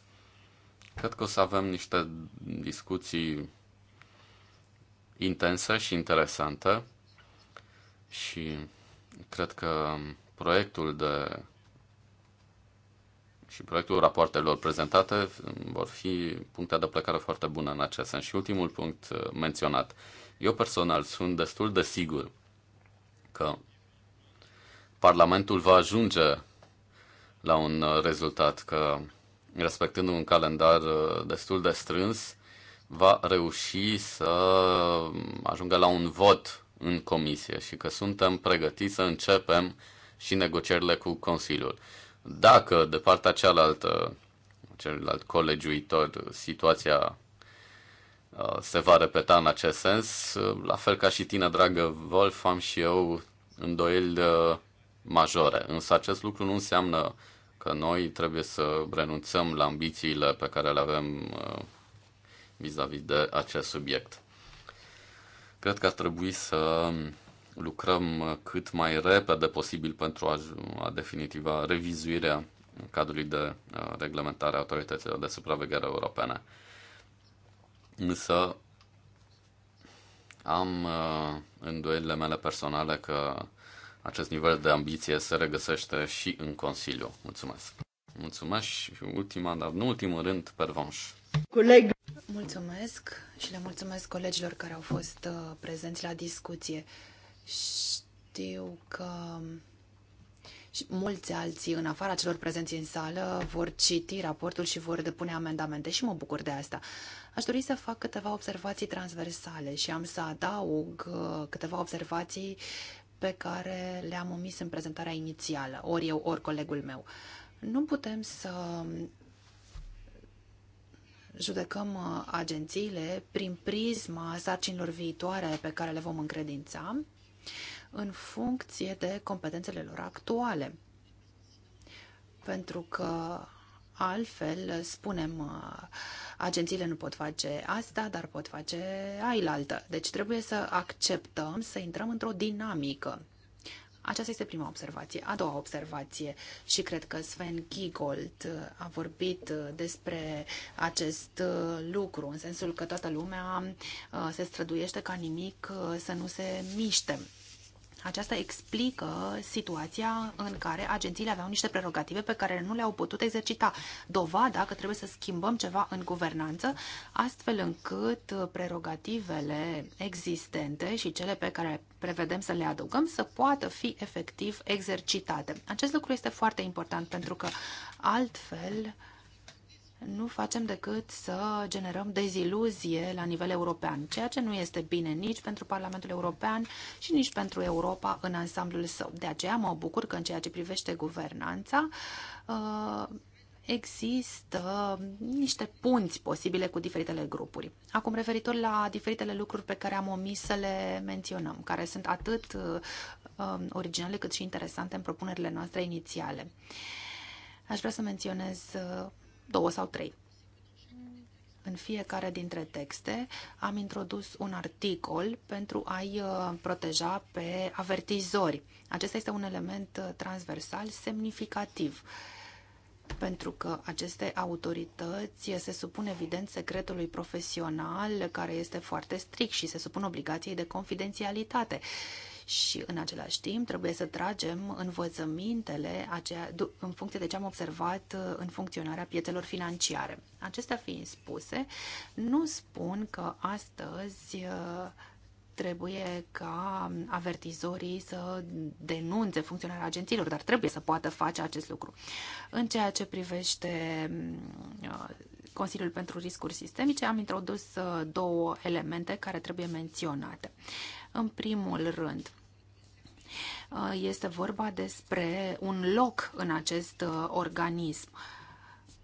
cred că o să avem niște discuții intense și interesante și cred că proiectul de și proiectul rapoartelor prezentate vor fi puncte de plecare foarte bune în acest sens. Și ultimul punct uh, menționat. Eu personal sunt destul de sigur că Parlamentul va ajunge la un uh, rezultat, că respectând un calendar uh, destul de strâns, va reuși să ajungă la un vot în comisie și că suntem pregătiți să începem uh, și negocierile cu Consiliul. Dacă de partea cealaltă, celălalt colegiuitor, situația uh, se va repeta în acest sens, uh, la fel ca și tine, dragă Wolf, am și eu îndoieli uh, majore. Însă acest lucru nu înseamnă că noi trebuie să renunțăm la ambițiile pe care le avem vis-a-vis -vis de acest subiect. Cred că ar trebui să um, lucrăm uh, cât mai repede posibil pentru a, a definitiva revizuirea cadrului de uh, reglementare a autorităților de supraveghere europene. Însă am uh, îndoielile mele personale că acest nivel de ambiție se regăsește și în Consiliu. Mulțumesc! Mulțumesc și ultima, dar nu ultimul rând, pervanș. Coleg! Mulțumesc și le mulțumesc colegilor care au fost prezenți la discuție. Știu că și mulți alții, în afara celor prezenți în sală, vor citi raportul și vor depune amendamente și mă bucur de asta. Aș dori să fac câteva observații transversale și am să adaug uh, câteva observații pe care le-am omis în prezentarea inițială, ori eu, ori colegul meu. Nu putem să judecăm uh, agențiile prin prisma sarcinilor viitoare pe care le vom încredința, în funcție de competențele lor actuale. Pentru că altfel, spunem, uh, agențiile nu pot face asta, dar pot face ailaltă. Deci trebuie să acceptăm să intrăm într-o dinamică. Aceasta este prima observație. A doua observație, și cred că Sven Giegold uh, a vorbit uh, despre acest lucru, în sensul că toată lumea se străduiește ca nimic să nu se miște. Aceasta explică situația în care agențiile aveau niște prerogative pe care nu le-au putut exercita. Dovada că trebuie să schimbăm ceva în guvernanță, astfel încât prerogativele existente și cele pe care prevedem să le adăugăm să poată fi efectiv exercitate. Acest lucru este foarte important pentru că altfel nu facem decât să generăm deziluzie la nivel european, ceea ce nu este bine nici pentru Parlamentul European și nici pentru Europa în ansamblul său. De aceea mă bucur că în ceea ce privește guvernanța, uh, există niște punți posibile cu diferitele grupuri. Acum, referitor la diferitele lucruri pe care am omis să le menționăm, care sunt atât uh, um, originale cât și interesante în propunerile noastre inițiale. Aș vrea să menționez uh, două sau trei. În fiecare dintre texte am introdus un articol pentru a-i uh, proteja pe avertizori. Acesta este un element uh, transversal semnificativ pentru că aceste autorități uh, se supun evident secretului profesional care este foarte strict și se supun obligației de confidențialitate și în același timp trebuie să tragem învățămintele aceea, în funcție de ce am observat uh, în funcționarea piețelor financiare. Acestea fiind spuse, nu spun că astăzi uh, trebuie ca avertizorii să denunțe funcționarea agențiilor, dar trebuie să poată face acest lucru. În ceea ce privește uh, Consiliul pentru Riscuri Sistemice, am introdus două elemente care trebuie menționate. În primul rând, Uh, este vorba despre un loc în acest uh, organism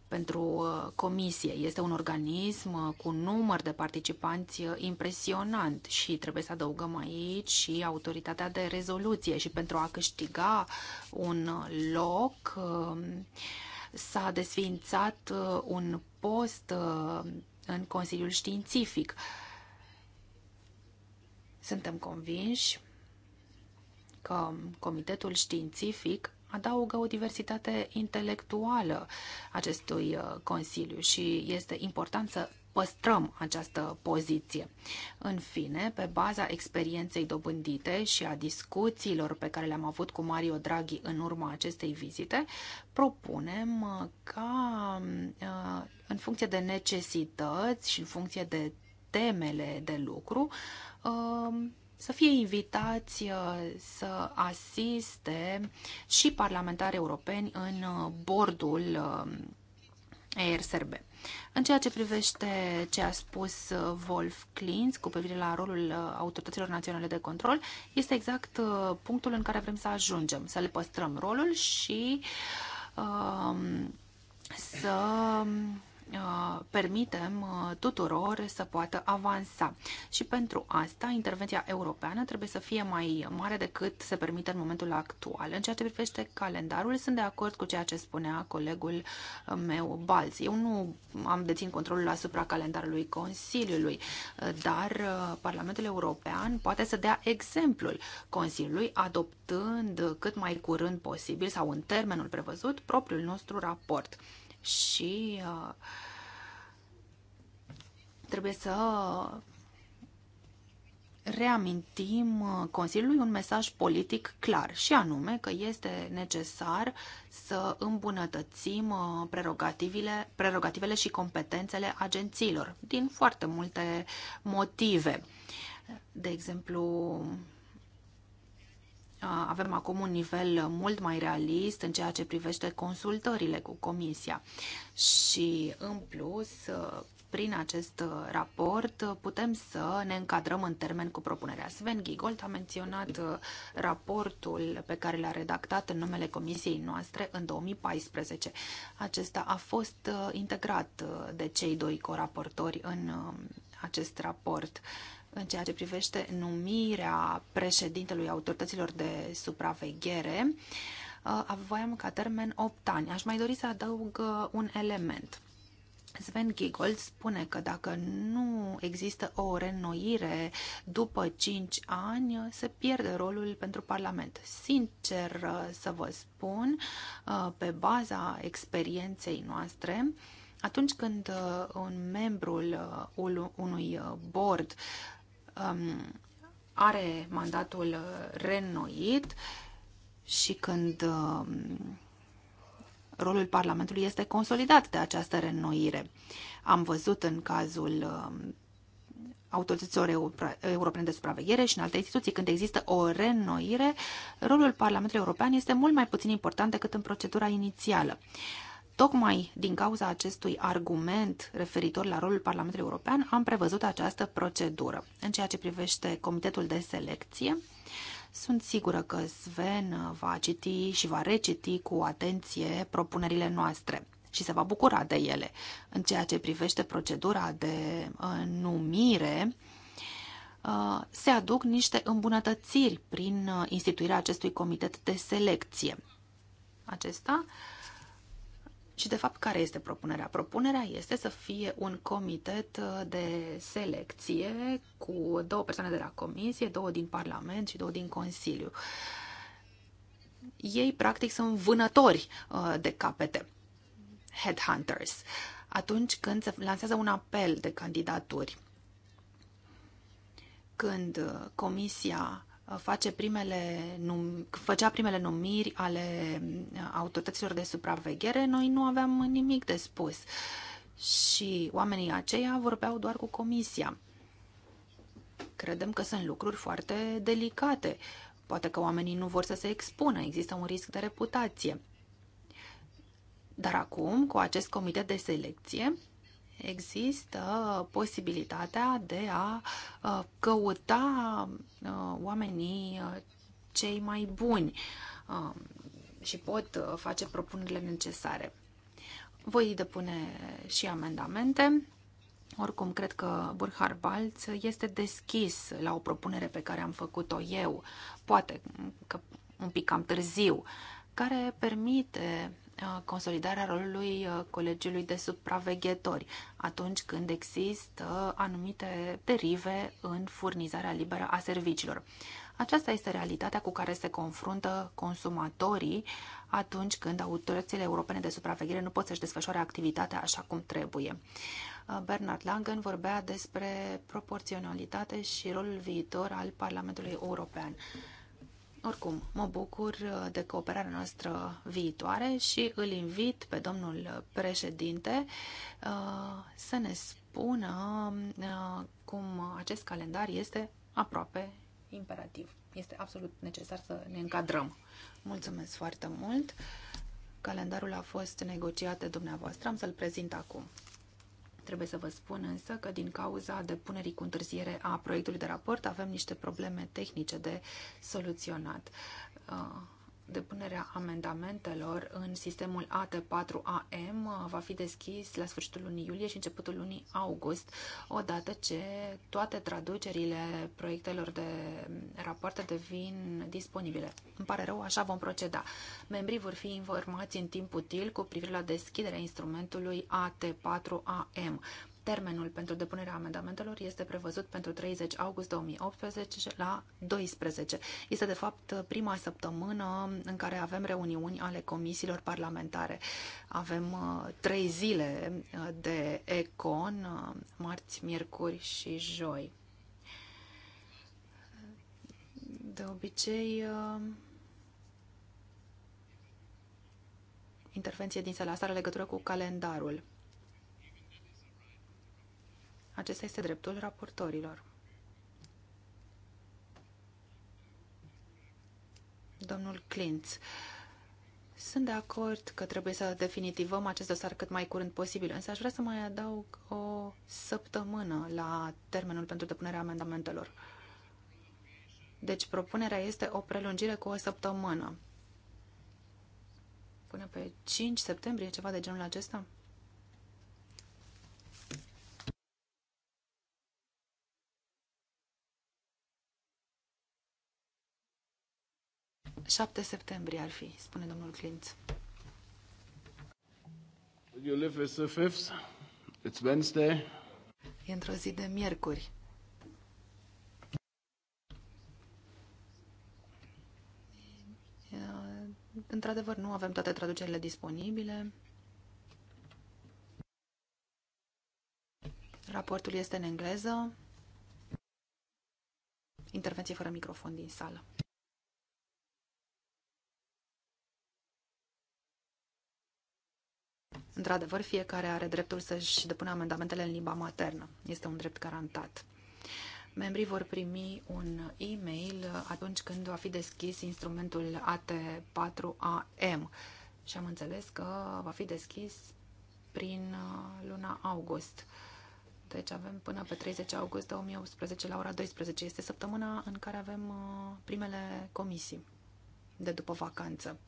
pentru uh, comisie. Este un organism cu număr de participanți impresionant și trebuie să adăugăm aici și autoritatea de rezoluție și pentru a câștiga un loc um, s-a desființat un post în Consiliul Științific. Suntem convinși că Comitetul Științific adaugă o diversitate intelectuală acestui uh, Consiliu și este important să păstrăm această poziție. În fine, pe baza experienței dobândite și a discuțiilor pe care le-am avut cu Mario Draghi în urma acestei vizite, propunem uh, ca uh, în funcție de necesități și în funcție de temele de lucru, să fie invitați uh, să asiste și parlamentari europeni în uh, bordul uh, ERSRB. În ceea ce privește ce a spus Wolf Klintz cu privire la rolul autorităților naționale de control, este exact punctul în care vrem să ajungem, să le păstrăm rolul și um, să Uh, permitem uh, tuturor să poată avansa. Și pentru asta, intervenția europeană trebuie să fie mai mare decât se permite în momentul actual. În ceea ce privește calendarul, sunt de acord cu ceea ce spunea colegul uh, meu, Balz. Eu nu am dețin controlul asupra calendarului Consiliului, dar Parlamentul European poate să dea exemplul Consiliului, adoptând cât mai curând posibil sau în termenul prevăzut propriul nostru raport și uh, trebuie să reamintim uh, Consiliului un mesaj politic clar și anume că este necesar să îmbunătățim uh, prerogativele, prerogativele și competențele agențiilor din foarte multe motive. De exemplu, avem acum un nivel mult mai realist în ceea ce privește consultările cu Comisia. Și, în plus, prin acest raport putem să ne încadrăm în termen cu propunerea. Sven Gigold a menționat raportul pe care l-a redactat în numele comisiei noastre în 2014. Acesta a fost integrat de cei doi coraportori în acest raport în ceea ce privește numirea președintelui autorităților de supraveghere, uh, avem ca termen 8 ani. Aș mai dori să adaug uh, un element. Sven Giegold spune că dacă nu există o reînnoire după 5 ani, se pierde rolul pentru Parlament. Sincer uh, să vă spun, pe baza experienței noastre, atunci când un membrul unui board um, are mandatul reînnoit și când um, rolul Parlamentului este consolidat de această reînnoire. Am văzut în cazul um, autorităților europene de supraveghere și în alte instituții. Când există o reînnoire, rolul Parlamentului European este mult mai puțin important decât în procedura inițială. Tocmai din cauza acestui argument referitor la rolul Parlamentului European am prevăzut această procedură. În ceea ce privește Comitetul de Selecție, sunt sigură că Sven va citi și va reciti cu atenție propunerile noastre și se va bucura de ele. În ceea ce privește procedura de uh, numire, uh, se aduc niște îmbunătățiri prin uh, instituirea acestui comitet de selecție. Acesta și, de fapt, care este propunerea? Propunerea este să fie un comitet uh, de selecție cu două persoane de la Comisie, două din Parlament și două din Consiliu. Ei, practic, sunt vânători uh, de capete, headhunters, atunci când se lansează un apel de candidaturi. Când uh, Comisia Uh, face primele num- făcea primele numiri ale uh, autorităților de supraveghere, noi nu aveam nimic de spus. Și oamenii aceia vorbeau doar cu comisia. Credem că sunt lucruri foarte delicate. Poate că oamenii nu vor să se expună, există un risc de reputație. Dar acum, cu acest comitet de selecție, există posibilitatea de a căuta oamenii cei mai buni și pot face propunerile necesare. Voi depune și amendamente. Oricum, cred că Burhar Balț este deschis la o propunere pe care am făcut-o eu, poate că un pic cam târziu, care permite Uh, consolidarea rolului uh, Colegiului de Supraveghetori atunci când există anumite derive în furnizarea liberă a serviciilor. Aceasta este realitatea cu care se confruntă consumatorii atunci când autoritățile europene de supraveghere nu pot să-și desfășoare activitatea așa cum trebuie. Uh, Bernard Langen vorbea despre proporționalitate și rolul viitor al Parlamentului European. Oricum, mă bucur uh, de cooperarea noastră viitoare și îl invit pe domnul președinte uh, să ne spună uh, cum acest calendar este aproape imperativ. Este absolut necesar să ne încadrăm. Mulțumesc foarte mult! Calendarul a fost negociat de dumneavoastră, am să-l prezint acum. Trebuie să vă spun însă că din cauza depunerii cu întârziere a proiectului de raport avem niște probleme tehnice de soluționat. Uh, Depunerea amendamentelor în sistemul AT4AM va fi deschis la sfârșitul lunii iulie și începutul lunii august, odată ce toate traducerile proiectelor de rapoarte devin disponibile. Îmi pare rău, așa vom proceda. Membrii vor fi informați în timp util cu privire la deschiderea instrumentului AT4AM. Termenul pentru depunerea amendamentelor este prevăzut pentru 30 august 2018 la 12. Este, de fapt, prima săptămână în care avem reuniuni ale comisiilor parlamentare. Avem uh, trei zile uh, de ECON, uh, marți, miercuri și joi. De obicei, intervenție din sala asta are legătură cu calendarul. Acesta este dreptul raportorilor. Domnul Clint. sunt de acord că trebuie să definitivăm acest dosar cât mai curând posibil, însă aș vrea să mai adaug o săptămână la termenul pentru depunerea amendamentelor. Deci propunerea este o prelungire cu o săptămână. Până pe 5 septembrie, ceva de genul acesta? 7 septembrie ar fi, spune domnul Clint. You live with the fifth. It's Wednesday. E într-o zi de miercuri. Într-adevăr, nu avem toate traducerile disponibile. Raportul este în engleză. Intervenție fără microfon din sală. Într-adevăr, fiecare are dreptul să-și depună amendamentele în limba maternă. Este un drept garantat. Membrii vor primi un e-mail atunci când va fi deschis instrumentul AT4AM și am înțeles că va fi deschis prin uh, luna august. Deci avem până pe 30 august 2018 la ora 12. Este săptămâna în care avem uh, primele comisii de după vacanță.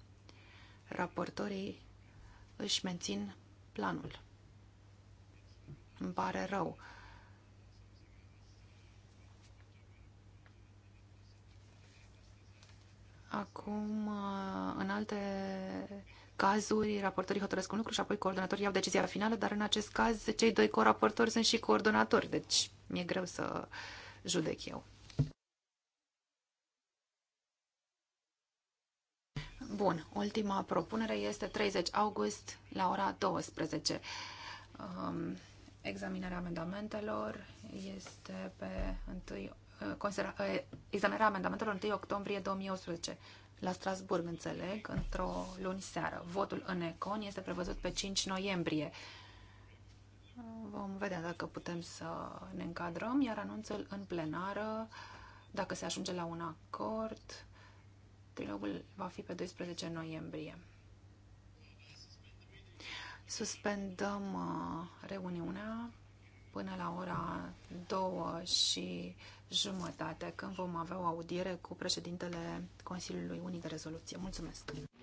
Raportorii își mențin planul. Îmi pare rău. Acum, uh, în alte cazuri, raportorii hotărăsc un lucru și apoi coordonatorii iau decizia finală, dar în acest caz, cei doi coraportori sunt și coordonatori, deci mi-e greu să judec eu. Bun, ultima propunere este 30 august la ora 12. Um, examinarea amendamentelor este pe 1, uh, uh, examinarea amendamentelor 1 octombrie 2018 la Strasburg, înțeleg, într-o luni seară. Votul în Econ este prevăzut pe 5 noiembrie. Vom vedea dacă putem să ne încadrăm, iar anunțul în plenară, dacă se ajunge la un acord, Trilogul va fi pe 12 noiembrie. Suspendăm uh, reuniunea până la ora 2 și jumătate, când vom avea o audiere cu președintele Consiliului Unic de Rezoluție. Mulțumesc!